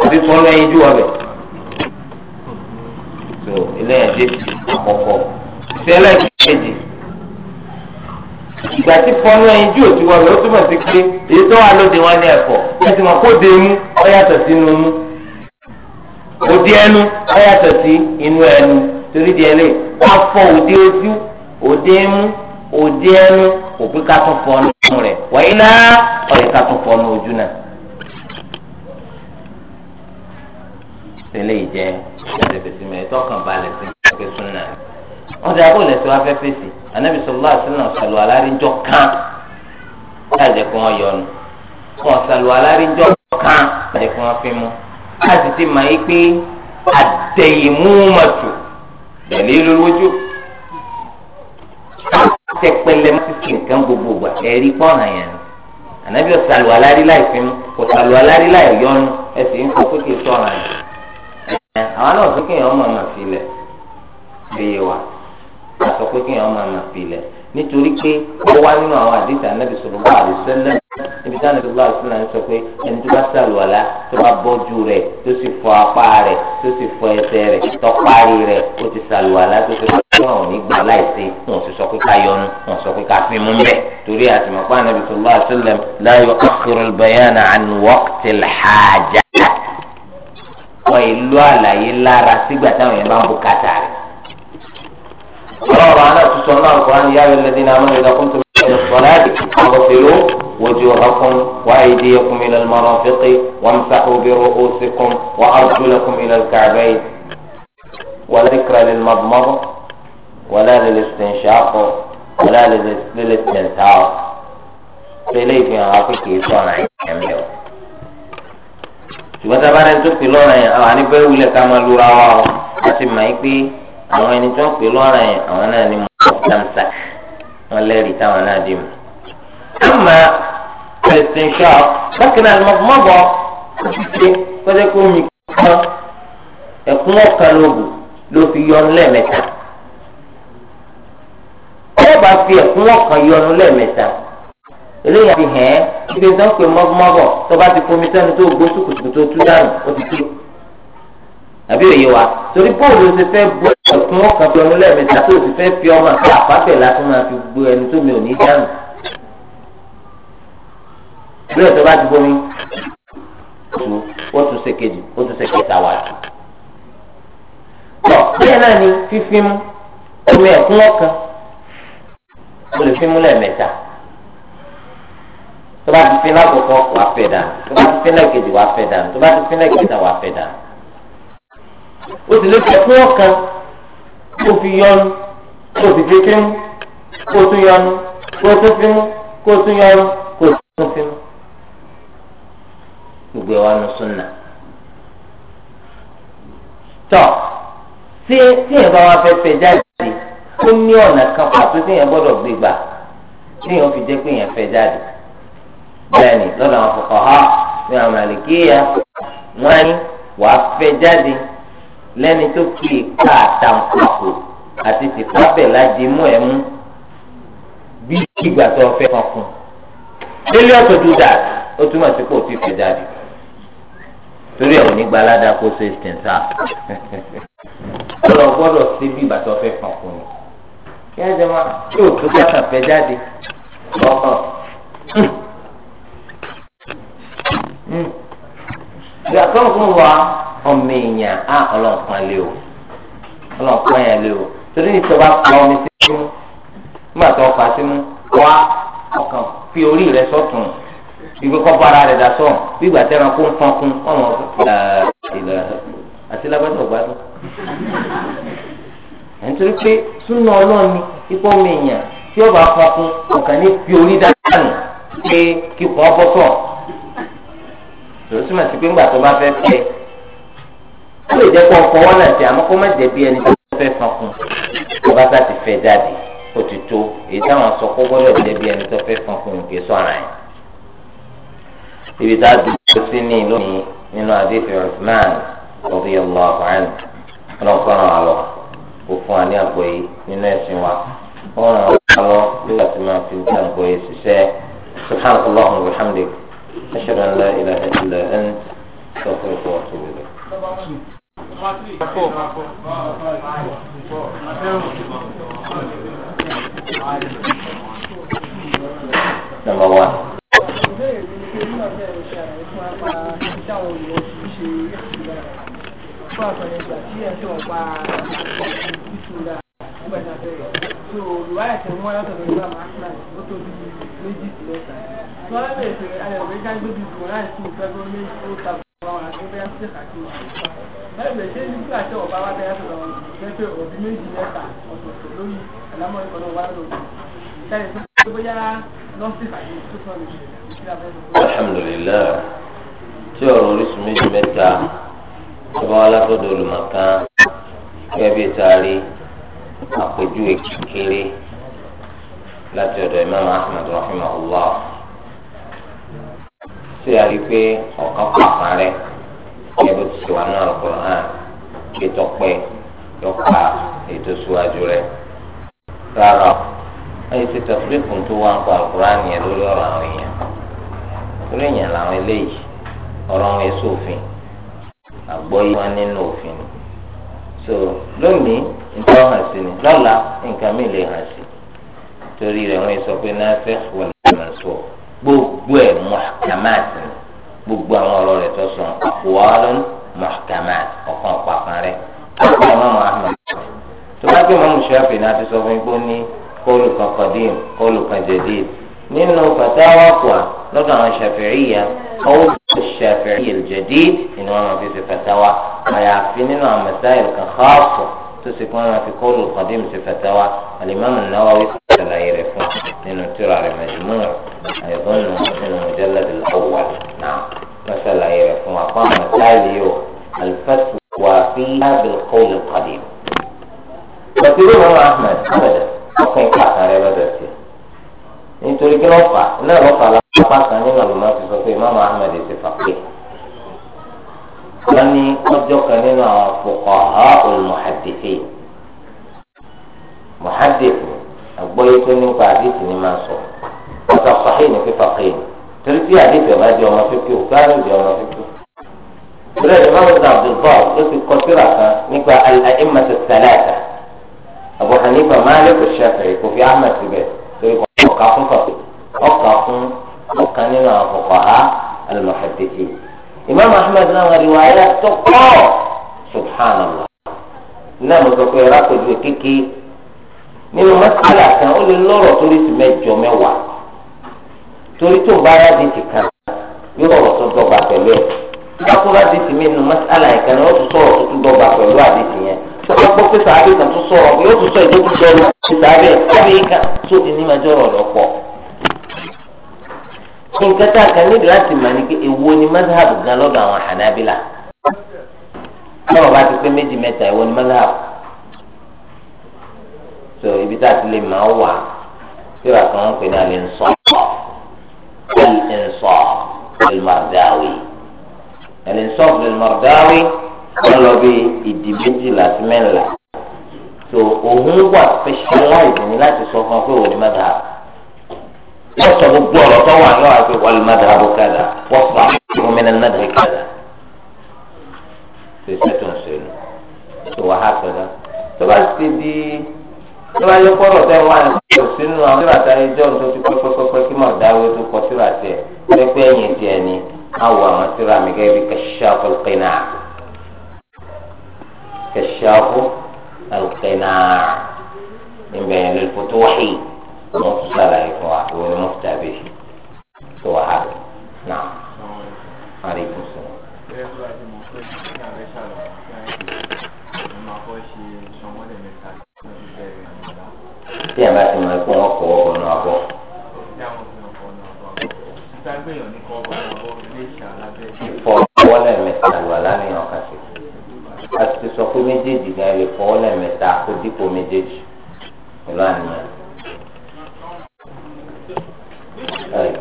àbí fọ́ọ̀nù ẹ̀yinjú wọ̀ bẹ̀. tó eléyàn dé ti àkọ́kọ́ ìṣẹ̀lẹ̀ kejì ìgbà tí fọnú ẹyin jù òtí wọlé ó túbọ̀ sí pé èyí tó wà lóde wọn ní ẹ̀fọ́ ẹ ti mọ̀ kó de enu ọ yàtọ̀ sí inú mú òdi ẹnu ọ yàtọ̀ sí inú ẹnu torí di ẹlẹ́ afọ òdi ojú òdi ẹmu òdi ẹnu òpin ká tún fọnú ọmọ rẹ wàyí náà ọ̀yẹ́ ká tún fọnú ojú náà. ẹ̀rẹ̀ bẹ̀sí mẹ́ ẹ̀tọ́ kan balẹ̀ sí ẹgbẹ́ súnà wọ́n ti àbò lẹ́sẹ̀ wá fẹ́ fèsì anábì sọlá sílẹ̀ sọlọ alárìnjọ kan láìjẹ́ kí wọ́n yọnu wọ́n sọlọ alárìnjọ kan láìjẹ́ kí wọ́n fi mú láti ti mọ̀ yí pé àdẹ̀yìmúmọ̀tò tẹ̀lé lójú tẹpẹlẹ má ti ti nǹkan gbogbo gbà ẹ̀rí pọ́nrán yẹn ànábì ọ̀sàlù alárí láì fi mú kò sàlù alárí láì yọnu ẹ̀sìn ń kó kókè sọ̀rọ̀ yẹn àwọn náà sọ kéèyàn ọmọ ọmọ filẹ̀ lè wà àsọ pé kéèyàn ọmọ ọmọ filẹ̀ nítorí pé ó wá nínú àwọn àdìsá nàbì sọ̀rọ̀ bá àdìsẹ́lẹ̀ níbi táwọn nàbì sọ̀rọ̀ àdìsẹ́lẹ̀ ń sọ pé ẹni tó bá sàlùwàlá tó bá bọ́jú rẹ̀ tó sì fọ apá rẹ̀ tó sì fọ ẹsẹ̀ rẹ̀ tó parí rẹ̀ ó ti sàlùwàlá tó ti fọ́ wọn ò láìsí wọn sì sọ pé ká yọnu wọn sọ pé ká fi mú bẹ́ẹ̀ torí àtìmọ̀pá nàbì sọ̀rọ̀ àdìsẹ́lẹ̀ láyọ̀ wọn ìlú àlàyé lára sígbà táwọn yẹn bá ń bu kàtà rẹ̀. ọlọ́run àná tuntun náà kọ́ ni yára lẹ́dí náà mú ìdá kún tó bí ẹni sọ̀rọ̀ àdì ọ̀rọ̀ fèrè wojú ọ̀hún wá ìdí ẹkùn mi ilẹ̀ mọ̀ràn fíkì wọn sá obìnrin ó sì kún wọn arjú mi lọ́nà kàbẹ́ yìí. wọlé kíkìrà lè mọ̀bùmọ́bù wọlé lè sèǹṣàkọ̀ wọlé lè sèǹṣàkọ̀ ṣùgbọ́n tá a bá rẹ̀ tó pè lọ́rọ̀ yẹn àwọn àníbẹ̀ wulẹ̀ ká máa lura wa o láti mọ̀ pé àwọn ẹni tó ń pè lọ́rọ̀ yẹn àwọn náà ni mọ̀ ṣàǹṣà wọn lẹ́rìí táwọn náà dì mọ́. àmọ́ ẹ̀sìn ṣọ́ bákan náà mọ̀bọ̀ ṣe kọ́jọ́ pé omi kan ẹ̀kún ọ̀kan lóògùn ló fi yọnu lẹ́ẹ̀mẹ́ta. ọ̀ọ́ fi ẹ̀kún ọ̀kan yọnu lẹ́ẹ̀mẹ́ta eléyìí àti hẹ́n ibi tó ń pè mọ́bọ́mọ́bọ̀ tó bá ti fomi sẹ́nu tó gbó sùkùsùkù tó tú dànù ó ti tú. àbí òye wa torí bóòlù ti fẹ́ bu ọ̀tún ọkàn fi ọmọ lẹ́ẹ̀mẹ́ta tó ti fẹ́ fi ọmọ àti àpábẹ̀ láti máa fi gbó ẹni tó mi ò ní dànù. lóyè tó bá ti fomi ó tún ṣe kejì ó tún ṣe kẹta wà. tọ́ bẹ́ẹ̀ náà ni fífi mú omi ẹ̀kún ọkàn ó lè fi mú lẹ́ẹ̀mẹ́ta tó bá ti fínlẹ̀ àkọ́kọ́ wà á fẹ́ dànù tó bá ti fínlẹ̀ kejì wà á fẹ́ dànù tó bá ti fínlẹ̀ kẹta wà á fẹ́ dànù. ó sì lè fẹ́ fún ọ̀kan kó fi yọnu kó sì fi fínú kó tún yọnu kó tún fínú kó tún yọnu kó tún fínú. gbogbo ẹ̀ wá nu súnà. tọ́ tí tí ẹ̀ bá wá fẹ́ fẹ́ jáde ó ní ọ̀nà kan pàtó tí ẹ̀ gbọ́dọ̀ gbé gbà tí ẹ̀ fi jẹ́ pé ẹ̀ fẹ́ jáde bẹ́ẹ̀ni lọ́dọ̀ àwọn fuqaha ní àwọn màlìkíyà wọ́n ní wàá fẹ́ jáde lẹ́ni tó kì í ká àtàǹkùkù àti tìpábẹ̀ láti mú ẹ̀ mú bí ìgbà tó fẹ́ kan fún un délé ọ̀tọ̀ tó dà ó túmọ̀ sí kò tí ì fẹ́ jáde torí ẹ̀ ò aládàá kó ṣe ìsìnkà lọ́dọ̀ gbọ́dọ̀ sí bí ìgbà tó fẹ́ kan fún kí ẹ jẹ́ wọn yóò tó bá kàn fẹ́ jáde lọ́kàn. Hmm. ìgbà kan fún wa ọmọ èèyàn á ọlọ́ọ̀kan lé o ọlọ́ọ̀kan yẹn lé o torí ní ìjọba pa omi sí mú nígbà tó ọkọ̀ àti mú wá ọkàn fi orí rẹ sọ́tún ìgbé kọ́ bára rẹ̀ dà sọ̀ bí ìgbà tẹ́ran kó ń fọn kún ọmọ àti lágbàdo ọ̀gbádùn nítorí pé súnà ọlọ́run ni ipò omi èèyàn tí ọba fọn kún ọkàn ní fi orí dáadáa nù pé kíkọ́ bọ́tọ̀ tòun túmọ̀ sí pé ńgbà tó bá fẹ́ fẹ́ ó lè jẹ́ pé ọkọ̀ wọn náà ti àmọ́ kó má jẹ́ bí ẹni tó fẹ́ fọ́n fún tó bá sá ti fẹ́ jáde ó ti tó èyí táwọn sọ kó gbọ́dọ̀ jẹ́ bí ẹni tó fẹ́ fọ́n fún kì í sọ̀rọ̀ yẹn. ibi tá a dúró sí ní lónìí nínú àdéhùn Uthman radiyallahu anhu ọlọ́kọ̀ọ́ràn àlọ́ kò fún wa ní àgbọ̀yé nínú ẹ̀sìn wa ọ̀ràn àlọ́ ló wà sí máa fi ń tàǹgbọ̀yé ṣiṣẹ́ subhanahu wa rahmatulahi. أشهد أن لا إله إلا أنت أستغفرك وأتوب إليك Number one. So, you are at the one out of the grammar, not to be legit letter alhamdulilayi tí ọ̀rọ̀ orísun méjì mẹ́ta tó bá wà látọ̀dọ̀ olùmọ̀kan gẹ́gẹ́ bí taari àpèjúwe kékeré láti ọ̀dọ̀ tí a rí pé ọ̀kan pàpà rẹ̀ kí ẹ bó ti ṣe wà náà lọ́kọ̀ hàn kí tọ́pẹ́ yọpa ètò síwájú rẹ̀ rárá ẹ̀yìn ti tẹ̀síríkùn tó wá ń pa àkùránì ẹ̀ lórí ọ̀rọ̀ àwọn èèyàn lórí èèyàn làwọn eléyìí ọ̀rọ̀ wọn èso òfin àgbọ́yé wọn nínú òfin ni so lónìí nǹkan hàn sí ni lọ́la nǹkan mi lè hàn sí torí rẹ̀ wọ́n sọ pé náà fẹ́ wọlé gbogbo ẹ̀ mọ̀kàmáàtì gbogbo àwọn ọ̀rọ̀ rẹ̀ tó sọ àkùwárún mọ̀kàmáàtì ọ̀kan ọ̀pàkan rẹ̀ ọ̀pọ̀ ọmọ ahmed tó bá gbé mọ́mú ṣọ́ọ̀fì náà ti sọ fún igbó ní kóòlù kan kóòlù kan nínú fatawa kùà lọ́dọ̀ àwọn ṣàfẹ̀ríyà ọwọ́ ṣàfẹ̀ríyà jẹ̀dí ni wọ́n máa fi àyàfi nínú àmọ̀sáyà kan khaassa tó ṣe kí wọ́n máa fi kọ́ọ̀lù kọ́dé mi ṣe fatawa alimami Nawawi ṣàlàyé rẹ̀ fún nínú tíra rẹ̀ Majmu' àyẹ̀bọ́n nínú mujallad al-awwal náà wọ́n ṣàlàyé rẹ̀ fún wa fún àwọn táàlì yìí o al-fatwa fi bil qawli al-qadim. bàtìrì wọn Ahmed Ahmed ọkùnrin kàkàn rẹ lọ́dọ̀ sí nítorí kí lọ́ọ̀fà ìwọ̀n lọ́ọ̀fà lápá kan nínú àlùmọ́ ti sọ pé Imam Ahmed ti fà pé. يعني قد يقال هنا فقهاء المحدثين محدث البيت من بعدث ما صح وتصحين في فقين تلك حديث ما جاء ما في كان جاء ما في كيو الإمام عبد البر في كثرة نبا الأئمة الثلاثة أبو حنيفة مالك الشافعي وفي أحمد في بيت فيقول أقاقم فقط أقاقم أقاقم أقاقم المحدثين imam ahmed náà wà riwaya tó kọ́ subhanallah náà mo sọ pé ẹ̀rọ àpèjúwe kékeré nínú mọ́sálà kan ó lè lọ́rọ̀ torí ti mẹ́jọ mẹ́wàá torí tó bá yá di ti kan yóò rọ̀rọ̀ tó dọ́gba pẹ̀lú ẹ̀ dákúrá di ti mí nínú mọ́sálà yìí kan ni ó tún sọ̀rọ̀ tó tún dọ́gba pẹ̀lú àdìsí yẹn sọ́kọ́ gbọ́ pé sàábì kan tún sọ̀rọ̀ pé ó tún sọ ìdókòtò ọ̀rọ̀ pé sàábì ẹ̀ sábì kan tó ti lọ́pọ̀ nǹkan kani a kàn níbi láti mà ni mazhab gan lọ́dọ̀ àwọn hanabila lọ́wọ́ bá ti pé méjì mẹ́ta èwo ni mazhab so ibi tá a ti lè mà ó wà síra kan ń pè ní al-insaf al-insaf al-mardawi al-insaf al lọ bí ìdí méjìlá sí mẹ́rìnlá so òun wà specialized ní láti sọ fún ọ pé òun ni mazhab yóò sọ gbogbo ọ̀rọ̀ tó wà lọ́wọ́ àti wàlúmọ́dà àbúkàdà wọ́pọ̀ àbúkàdà nàdà kàdà. ṣèṣe tó ń ṣe lò tó wà á sọ̀rọ̀ tó bá ti di tó bá yẹ kọ́rọ̀ tẹ́ wà ní kò sínú àwọn tó bá ta ẹjọ́ tó ti pẹ́ pẹ́pẹ́ kí mọ̀ dáwé tó kọ síra tẹ̀ pẹ́pẹ́ ẹ̀yìn tiẹ̀ ni awọ àwọn síra mi gẹ́gẹ́ bí kẹ́sàfù kẹ́nà kẹ́sàfù kẹ́nà ìbẹ̀yẹ̀ lè fọ́tò wáyé wọn tún ṣàlàyé fún wa ìwọ ni wọn fi dàbí tó wà á rẹ náà má rí kó sọ. tí a bá ti mọ ẹ̀kọ́ wọn kọ ọkọ náà bọ. ìfọ̀ ọwọ́ lẹ́ẹ̀mẹ́ta lùwà lánìyàn kan sí. a ti sọ pé méjèèjì gan ẹ lè fọwọ́ lẹ́ẹ̀mẹ́ta kó dípò méjèèjì pẹ̀lú àníyàn. lórí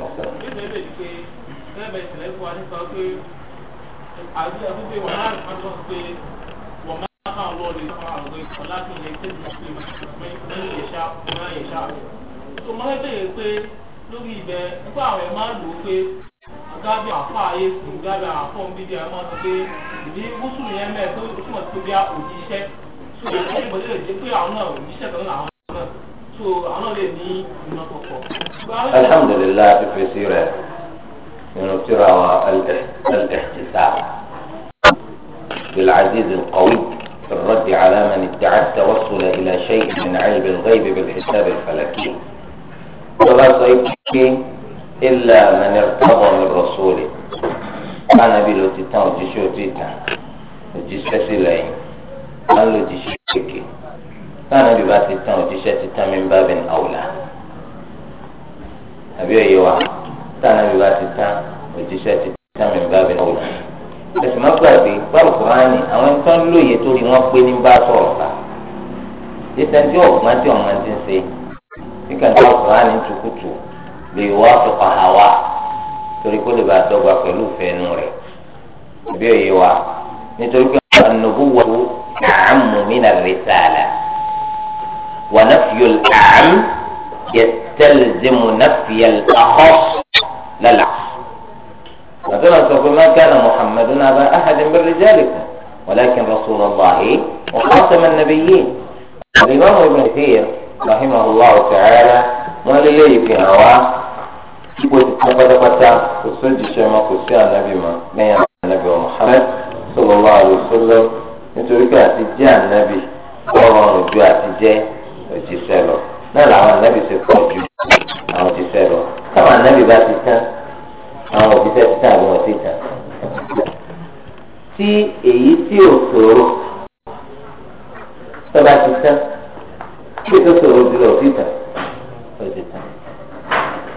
ibẹ̀ nípa àwọn ẹ̀ máa ń lò ó pé gábí àfọ àyè fún gábí àfọ bíbí àmọ́ sọ pé ìdí wúsùlù yẹn mẹ́ẹ̀ tó túmọ̀ sí pé bí a òjíṣẹ́ so ìdí ìbọ̀dé lè jẹ́ pé àwọn náà òjíṣẹ́ kan náà àwọn náà. الحمد لله في سيرة من tírà الاحتساب بالعزيز القوي في الرد على من ادعى التوصل إلى شيء من علم الغيب بالحساب الفلكي ولا إلا من ارتضى من رسوله أنا بلو تتان وتشو تتان وتشتسي لين أنا لو تشتكي táwọn ẹbí bá ti tán òjíṣẹ́ ti tán min babin awla àbí òye wa táwọn ẹbí bá ti tán òjíṣẹ́ ti tán min babin awla ẹ̀sìn má gbàgbé báwo kò á ní àwọn ẹni tó ń lóye tó rí wọn pé ní bá sọ̀rọ̀ ta yíṣẹ́ tí ọ̀gbọ́n tí ọ̀gbọ́n ti ń ṣe nígbà tí ọ̀gbọ́n á ní tukutu lè wá sọ̀kọ̀ àwa torí kó lè bá dọ́gba pẹ̀lú ìfẹ́nu rẹ̀ àbí òye wa nítorí pé àwọn ànàbó ونفي الأعم يستلزم نفي الأخص لا العكس مثلا تقول ما كان محمد أبا أحد من رجالكم ولكن رسول الله وخاتم النبيين الإمام ابن كثير رحمه الله تعالى لي في هواه kó ti tán pátápátá kò sóòjì ṣe ọmọ kò sí ànábì mọ́ lẹ́yìn ànábì wa Muhammad sallallahu alaihi wasallam nítorí pé àti jẹ́ òjíṣẹ́ lọ náà làwọn ànábì ti pọ̀ ju àwọn òjíṣẹ́ lọ táwọn ànábì bá ti tán àwọn òjíṣẹ́ ti tán àbí wọn ti tán tí èyí tí ò ṣòro tó bá ti tán tí èyí tó ṣòro jùlọ ò ti tán ó ti tán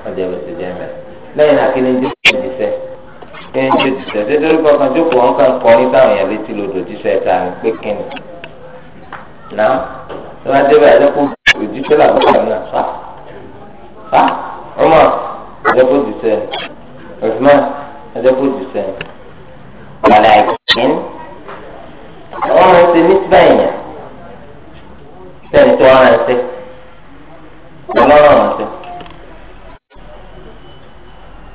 ọjọ́ ìwé ti jẹ́ mẹ́rin lẹ́yìn akíníjú òjíṣẹ́ kíni ju jíṣẹ́ dédúró kankan jókòó wọn kàn kọrin táwọn yẹn létí lodò jíṣẹ́ ta ni pé kíni náà tí wọ́n á débẹ̀ ẹ̀jẹ̀ kó ìdí tó làwọn kọ̀ náà fa fa ọmọ ẹ̀jẹ̀ kó di sẹ́yìn Usman ẹ̀jẹ̀ kó di sẹ́yìn wàlẹ̀ àìsàn àwọn ọmọ ṣe ní tí báyìí yẹn sẹ́ni tó ọ̀ràn ẹ̀sẹ̀ ọlọ́rọ̀ ẹ̀sẹ̀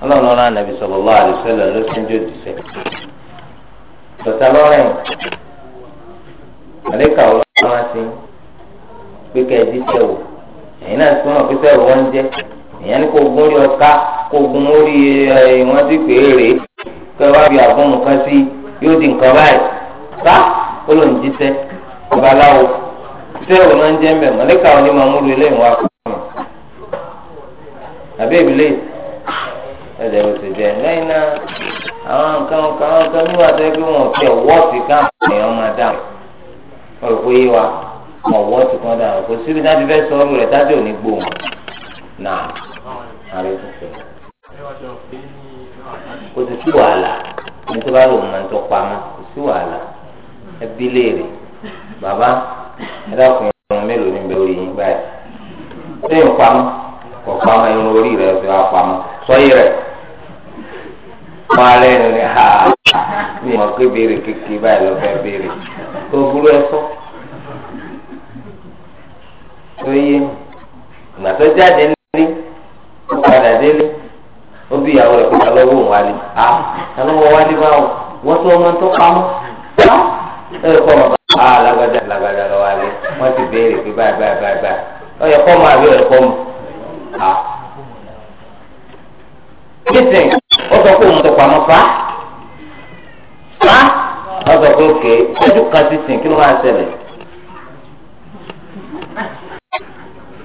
ọlọ́run ọ̀ràn ànàbì sallallahu alaihi wasallam ló ṣe ń jó di sẹ́yìn lọ́tà lọ́rẹ̀ àlékà pé ká ẹ dídẹ wò ẹ̀yin náà tún mọ̀ pé sẹ́rù wọn ń jẹ́ ní kó gun orí ọ̀ká kó gun orí wọn ti pè é rèé kó wá bí àbọ̀mù sí yóò di nǹkan báyìí ká ó lòún nje ọba aláwo sẹ́rù náà ń jẹ́ mbẹ̀ mọ̀lẹ́kà òní máa múlu ilé ìwọ̀n akọ̀ọ̀mọ̀ àbí ìbílẹ̀ ẹ̀dẹ̀ òsè jẹ́ lẹ́yìn náà àwọn nǹkan kan kan níwájú ẹgbẹ́ wọn ò wọ́ọ̀sì èèyàn ọwọ́ ti kàn dà kò síbi dájú fẹ́ sọ ọrú rẹ̀ dájú òní gbòòmù náà àrẹ tó fẹ́. kò sì sí wàhálà ní tó bá rò mọ́ ní tó pamọ́ kò sí wàhálà ẹbí léèrè bàbá ẹ dákun ìrọ̀rùn mélòó ní bẹ́ẹ̀ orí yín báyìí sẹ́yìn pamọ́ kò pamọ́ irun orí rẹ̀ fi wá pamọ́ sọ́yì rẹ̀ wọ́n alẹ́ rẹ̀ ha mi mọ̀ pé kékeré báyìí lọ́ fẹ́ béèrè tó burú ẹ sọ́ lóye ìgbà tó jáde nílé ó padà délé ó bí ìyàwó rẹ̀ kópa lọ́wọ́ òun wálé à ah, ẹlọ́wọ́ wálé báwo wọ́n tó ọmọ tó pamọ́ á ah, ẹ kọ́ ọmọ bá a ah, lágbájá lágbájá lọ́wọ́ alẹ́ wọ́n ti béèrè pé báyìí báyìí báyìí báyìí ọ yẹ kọ́ ọmọ àbí ọ yẹ kọ́ ọmọ à. nísìnyí ó sọ pé òun tó pamọ́ fa fa ó sọ pé òkè ojú kan ti sìn kí ló máa ṣẹlẹ̀.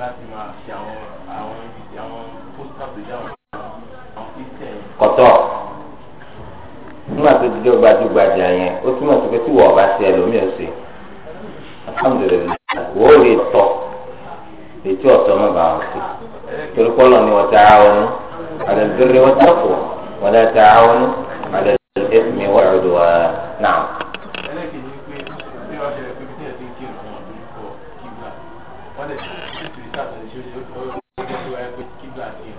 láti máa ṣe àwọn àwọn ibi àwọn pósítà tó jẹ́ àwọn àwọn kristian. kọ̀tọ̀ nígbà tó ti dé gbajúgbajà yẹn ó túmọ̀ sí pé tí wọ́n bá ṣe ẹlòmíì ṣe alhamdulilayi wọ́n lè tọ́ ètò ọ̀tọ̀ náà bá wọn ṣe torí kọ́lọ̀ ni wọ́n ta'awanu ala al-birri wat-taqwa wa la ta'awanu ala al-ithmi wal-'udwan náà. Thank you káàtó ṣe ó ó jẹ́ pé ẹgbẹ́ kígbà ni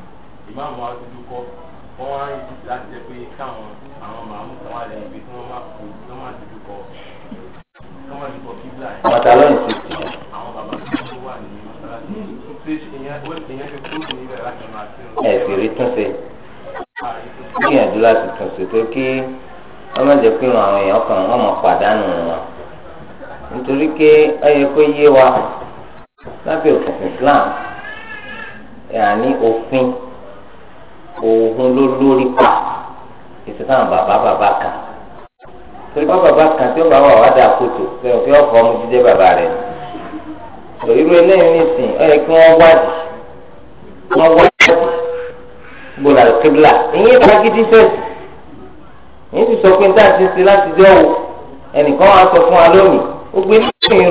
ìmáàmù wa dúdú kọ́ wọ́n wá ń yí láti jẹ́ pé káwọn àwọn màmú kan wà lẹ́yìn pé kí wọ́n má kó kí wọ́n èèyàn kan wọ́n mọ̀ pàdánù wọn nítorí pé ẹ yẹ yé wa. lábẹ́ òfin Islam yàní òfin òhun ló lórí pa ìsìnkà bàbá bàbá kan torí bá bàbá kan tí ó bá wà wá dáa kótó kí wọ́n ọmọ jíjẹ́ bàbá rẹ̀ lò irú eléyìí nìsín yẹ kí wọ́n wádìí wọ́n wádìí gbọ́dọ̀ ìyẹn sọ pé ní ṣe láti jẹ́ fún wa lónìí gbé ní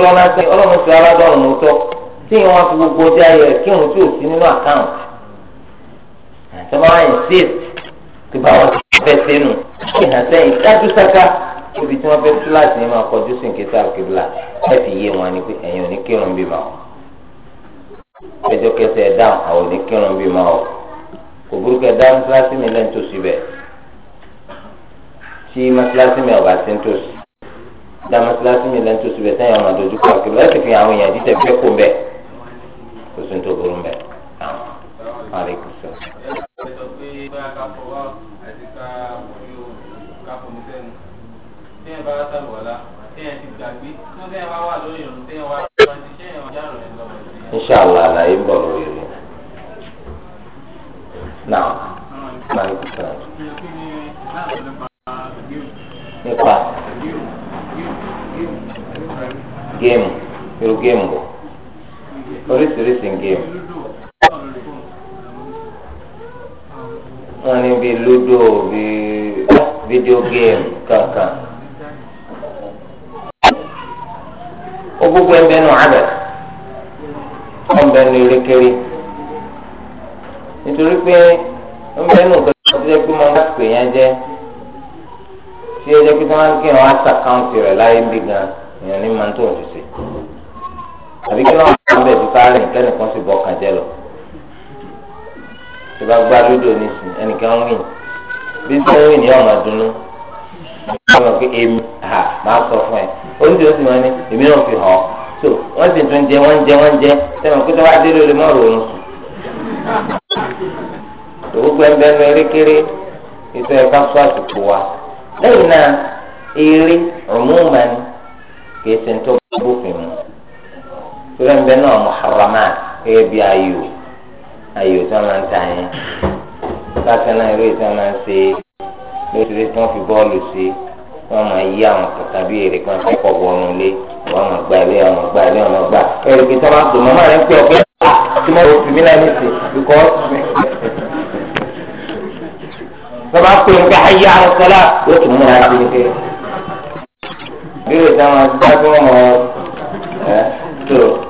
ọlọ́run mọ́tọ́. tí wọ́n fi gbogbo ọdẹ ayọ̀ rẹ̀ kí òun tí ò sí nínú àkáǹtì àti wọ́n á insist tó bá wọn fẹ́ sínú ìhàn sẹ́yìn dájú sáká ibi tí wọ́n fẹ́ túláàsì ní máa kọjú sí nkẹta àkébùlà ẹ fi yé wọn ni pé ẹ̀yin ò ní kírun bí màá ẹjọ́ kẹsẹ̀ ẹ̀ dáhùn àwọn ò ní kírun bí màá kò burúkú ẹ̀ dáhùn kíláàsì mi lẹ́nu tó sí bẹ́ẹ̀ tí mọ́sálásí mi ọ̀bà sí ń tòsí dá mọ́sálásí mi lẹ́nu tó sí bẹ́ẹ̀ sẹ́yìn ọmọdé ojú kọ́ àkébùlà ẹ̀ sì fi àwọn èèyàn dídẹ̀ fẹ́ kó bẹ́ẹ̀ kò sí ní tó burú mbẹ. Aleykum salaam. Ẹ sọ pé bá a ká fọwọ́ àti ká wọlé o ká fomi sẹ́nu. Bí ẹ bá sàlùwàlá, bí ẹ ti gbàgbé, tó bí ẹ bá wà lórí ìrùn, bí ẹ wà lórí ìrùn, ṣé ẹ wà jáàrò ẹ lọ? Inṣàlá àlàyé ń bọ̀ lórí rẹ̀. Náà, aleykum salaam. Nípa géèmù, oríṣiríṣi ń géèmù. wọ́n ní bíi lúdò bíi fídíò géèmù kankan. ó gbogbo ẹ̀ ń bẹ́ẹ̀ nù abẹ́ ó ń bẹ́ẹ̀ nù erékeré nítorí pé ó ń bẹ́ẹ̀ nù nǹkan tó jẹ́ pé wọ́n bá pè yẹn jẹ́ tí ó jẹ́ pé wọ́n á kí wọ́n á sàkáǹtì rẹ̀ láyé bí gan ìyẹn ní màá tó ń ṣiṣẹ́ àbí kí wọn kàn bẹ fífa rìn kẹ́nìkan sì bọ́ kàjẹ́ lọ tí bá gbá lódò nísìn ẹnìkan rìn bí sẹ́yìn rìn ní ọ̀nà dunu wọ́n mọ̀ pé èmi ha máa sọ fún ẹ oúnjẹ ó sì wọ́n ní èmi náà fi hàn so wọ́n sì tún jẹ wọ́n jẹ wọ́n jẹ sẹ́yìn pé tó bá dé lórí mọ́rò òun sùn òwú gbẹ́ngbẹ́ nu erékeré ètò ẹ̀ka sọ àsìkò wa lẹ́yìn náà eré ọ̀múnmani kì í ṣe bófin mu torí ẹ̀ ń bẹ náà muharramat gẹ́gẹ́ bí ayò ayò tí wọ́n máa ń ta yẹn bákan náà eré tí wọ́n máa ń ṣe lóṣèlú tí wọ́n fi bọ́ọ̀lù sí wọ́n máa yí àwọn tàbí èrè kan tó pọ̀ bọ̀ọ̀nù lé wọ́n máa gba ilé wọn gba ilé wọn gba èrè kí sọ́mà tó màmá rẹ̀ ń pè ọ̀pẹ́ tí mo fi mí lẹ́nu sí bíkọ́ sọ́mà pé ń gbà ayé àwọn yóò tún múra sí i pé bí tí wọ́n máa gbá tó wọ́n tó.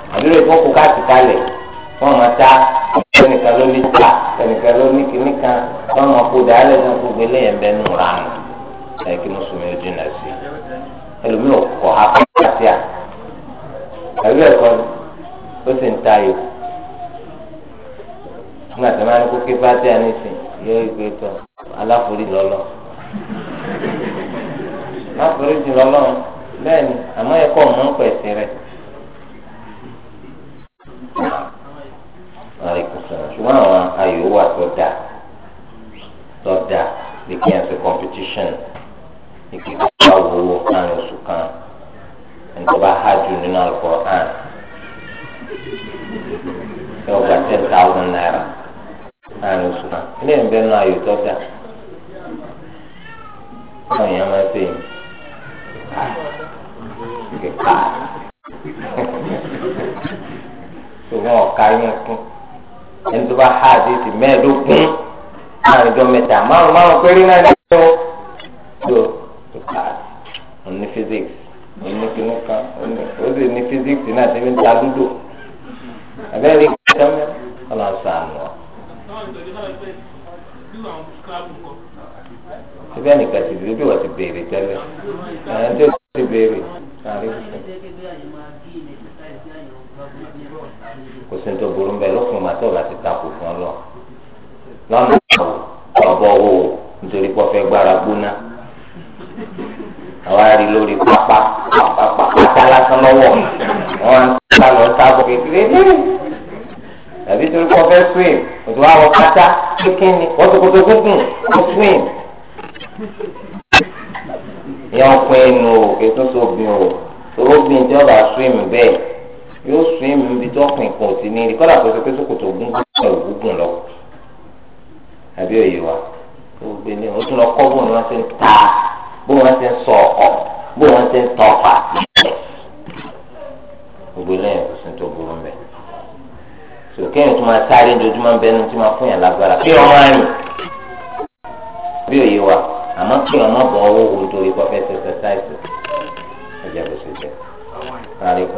àdúrà ìfọ́n kó káàtì kalẹ̀ wọ́n máa ta ẹnìkan ló ní ta ẹnìkan ló ní kíní kan wọ́n máa kó dàálẹ̀ náà kó gbélé yẹn bẹ́ẹ̀ nù ránù ẹ̀ kí mùsùlùmí ojú náà sí ẹlòmíì ọ̀kọ̀ akọ́kọ́ à ẹ̀rú ẹ̀kọ́ ó sì ń ta yòó nígbà tí wọ́n máa ní kó ké bá tẹ́ ẹ nísìn yóò gbé tọ́ aláforí lọ́lọ́ aláforí ti lọ́lọ́ bẹ́ẹ̀ ni àmọ́ ẹ̀kọ́ mọ́ pẹ̀sì rẹ̀ ṣùgbọ́n àwọn ayò wà tọ́da tọ́da bí kí n ṣe competition ní kí n bá wo àrùn oṣù kan ẹni tó bá há jù nínú àlùkò àn yóò gba ten thousand naira àrùn oṣù kan ilé ìgbẹ́ nínú ayò tọ́da àwọn èèyàn máa ń pè kíkà ṣùgbọ́n ọ̀ka yẹn kún ẹni tó bá há àdéhìí mẹ́ẹ̀ẹ́dógún láàrin ọjọ́ mẹ́ta márùn márùn péré náà ní ọjọ́ tó tó ká òní physics òní kìnnú kan ó sì ní physics náà ti fi ń ta dúdò abẹ́rẹ́ ìgbésẹ̀ mẹ́ ọlọ́sàn án lọ. síbẹ̀ nìkan ti dúdò wọ́n ti béèrè tẹ́lẹ̀ ẹ̀ ń tó ti béèrè kò sí tó burú bẹ́ẹ̀ lókun ìgbà tó bá ti takò fún ọ lọ. lọ́nà àwò ọ̀bọ̀ wò ó nítorí pé ọ̀fẹ́ gbára gbóná. àwa rí lórí pápá pápá lásán lọ́wọ́ wọn ká lọ sábọ̀ kékeré tàbí torí pé ọ̀fẹ́ swim òtò wa wọ pátá kékeré wọ́n tó gúngùn ó swim. ìyá ọ̀pọ̀ ẹnu o tó so obìnrin o tó obìnrin tí ọba swim bẹ́ẹ̀ yóò sún èmi níbi tó ọkùnrin kan ò ti ní rí kọ́lá àkọsọ pé sókòtò ògùn gbọ́dọ̀ ògùn lọ àbí òye wa gbogbo ní o tún lọ kọ́ bóun ni wọ́n ti ń ta bóun wọ́n ti ń sọ ọkọ̀ bóun wọ́n ti ń tọ ọ̀fà gbogbo lẹ́yìn kò sí tó burú mbẹ́ sòkéyìn tó máa sáré ojoojúmọ́ ń bẹnu tí máa fún yàn lágbára kí ọmọ rìn àbí òye wa àmọ́ kí ọmọ bọ̀ owó wo torí kọfẹ́ sẹ́sẹ́ sáìsì ẹ̀jẹ̀ kò sí jẹ́ rárá ikú.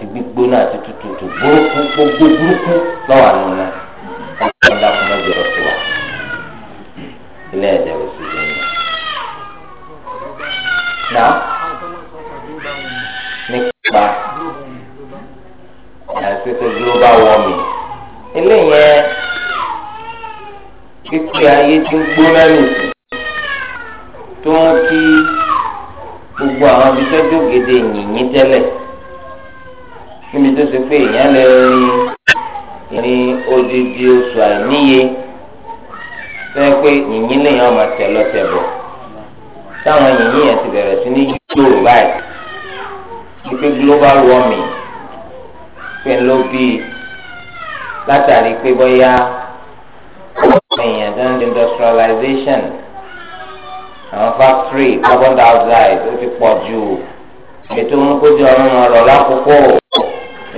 àti gbígbóná àti tutù burúkú gbogbo burúkú lọ́wọ́ àánú náà wọ́n dá fún ọjọ́ ọ̀sẹ̀ wa ilé ẹ̀jẹ̀ ò sì lè nà. nípa àìsèso global warming ilé yẹn pípé ayé tí ń gbóná nìyí tó ń kí gbogbo àwọn abisọ́jọ́ gèdè yìnyín tẹ́lẹ̀ tó ṣe pé èèyàn lè rí ní odidi oṣù àìníye tó yẹ pé yìnyín lèèyàn máa tẹ̀ lọ́tẹ̀ bọ̀ táwọn yìnyín yẹn ti bẹ̀rẹ̀ sí ní yòrò báyìí wípé global warming pé ló bí látàrí pé bóyá èèyàn tó ń di industrialization àwọn factory carbon dioxide ó ti pọ̀ ju ètò mú kó di ọrùn ọ̀rọ̀ lákòókò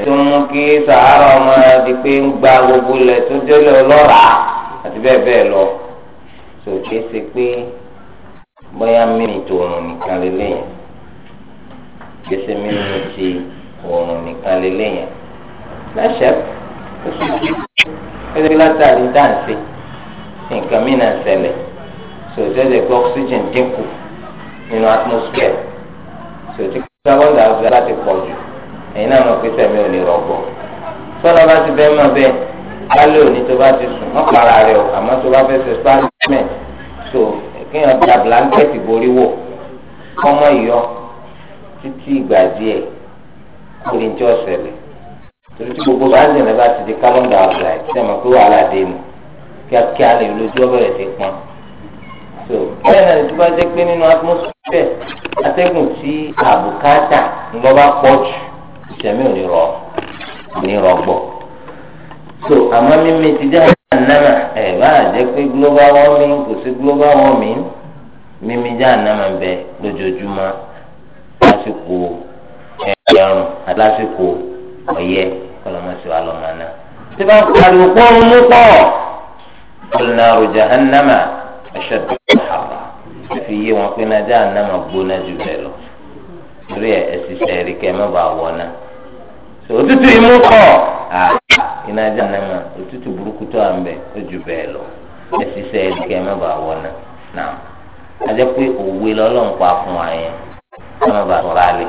tó mú kí sàárà ọmọ di pé ń gba gbogbo ilẹ̀ tó délé ọlọ́ràá àti bẹ́ẹ̀ bẹ́ẹ̀ lọ tó ké ṣe pé bóyá mímì tó òrùn nìkan lélẹ́yìn ké ṣe mímì ti òrùn nìkan lélẹ́yìn lẹ́sẹ̀ ó sì kí ẹgbẹ́ látàrí dáǹsì nǹkan mìíràn ṣẹlẹ̀ sòtẹ́lẹ̀ pé oxygen dínkù nínú atmosphere sòtí carbon dioxide láti pọ̀ jù ẹ̀yin náà mọ̀ pé sẹ̀mí ò lè rọ̀gbọ̀ sọ́nà bá ti bẹ́ẹ̀ mọ̀ bẹ́ẹ̀ lálẹ́ òní tó bá ti sùn mọ́ para rẹ̀ o àmọ́ tó bá fẹ́ ṣe spasmẹ̀ so kéèyàn da blanketi borí wò kọ́mọ ìyọ títí ìgbà díẹ̀ kó lè jọ ṣẹlẹ̀ torí tí gbogbo bá ń dènà bá ti di kálọ́ndà ọ̀gá ẹ̀ sẹ́mi pé wàhálà dé mu kíákíá lè lójú ọ̀bẹ̀rẹ̀ ti pọ́n so bẹ́ẹ̀ náà tó bá jẹ́ pé nínú atmosphere atẹ́gùn tí àbùkátà ńlọ bá pọ̀ jù ìtẹ̀mí ò ní rọ ní rọgbọ. so àmọ́ mímí ti dá ànámà ẹ̀ bá jẹ́ pé global warming kò sí global warming mímí dá ànámà bẹ lójoojúmọ́ lásìkò ẹ̀rùn àti lásìkò ọ̀yẹ́ kọlọ́mọsí wa lọ́mọ náà. tí bá pariwo pọ́ ń mú pọ̀ olùnàrò jahannama ẹ̀ṣẹ̀ tó ń hàbà fi yé wọn pé náà jahannama gbóná jù bẹ́ẹ̀ lọ. torí ẹ̀ ẹ̀ sísẹ́ ẹ̀rí kẹ́ ẹ má bàa wọ̀ náà. òtútù imú kọ iná ah, ajá náà mọ òtútù burúkú tó à ń bẹ ó ju lọ ẹ ṣiṣẹ́ ẹdíkẹ má bàa wọ náà náà ajẹ pé òwe lọlọ́n pa fún wa yẹn na má bàa sọ̀rọ̀ alẹ́ bẹ́ẹ̀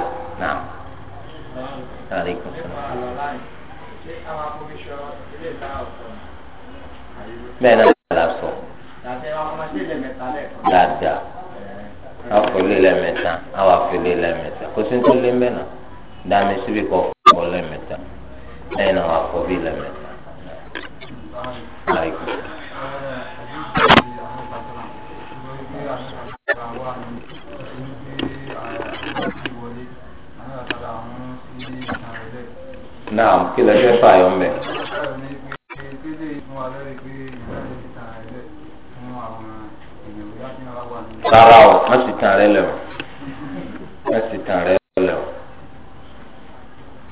náà bàbá sọ. dáadáa àwọn afọlẹ́ lẹ́mẹ̀ta àwọn afọlẹ́ lẹ́mẹ̀ta kò sí ní tó lé mbẹ́ náà. dami síbi kọ fún ọ lẹ́mẹ̀ta lẹ́yìn náà wà fọ bí lẹ́mẹ̀ta. naam kí lè fẹ́ fààyàn mbẹ. rárá o má sì tàn rẹ lẹ́wọ̀n má sì tàn rẹ.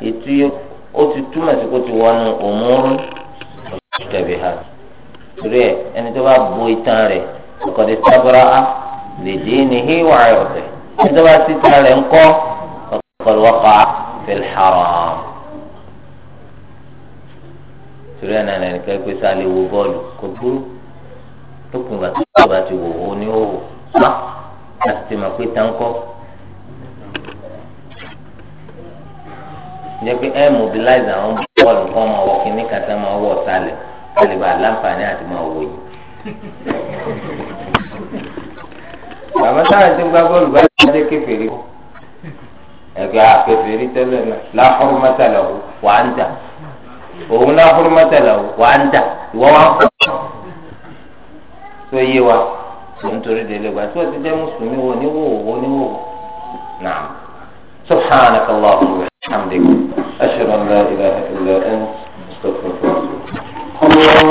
ètò ó ti túmọ̀ sí kó ti wọnú òmùrún tẹ̀bi ha torí ẹ ẹni tó bá bo itan rẹ̀ ọ̀kọ̀dé sábúra á lè dé ní híwà ọ̀tẹ̀ ẹni tó bá ti tan rẹ̀ ńkọ́ ọ̀kọ̀dé wọ́pá fìlhàrán torí ẹ nàá nàá kẹ́kẹ́ sá lè wo bọ́ọ̀lù kò burú tó kùn bàtà tó bá ti wò ó ní òwò má láti ti mọ̀ pé táǹkọ́. jẹ́ pé ẹ mobilize àwọn bọ́ọ̀lù kan máa wọ kíní kàtà máa wọ̀ sálẹ̀ kálíbà láǹfààní àti máa wò yìí. bàbá táwọn ti ń gbá bọ́ọ̀lù bá dé kékeré ẹgbẹ́ àkẹfẹ́rí tẹ́lẹ̀ náà láhùrú mẹ́tàlá o wà á ń tà òun láhùrú mẹ́tàlá o wà á ń tà ìwọ wà ń kọ́ tó yé wa tó ń torí délé gba tí wọ́n ti jẹ́ mùsùlùmí wo níwò wo níwò náà subhanaka Allahumma. حمدك أشهد أن لا إله إلا أنت أستغفرك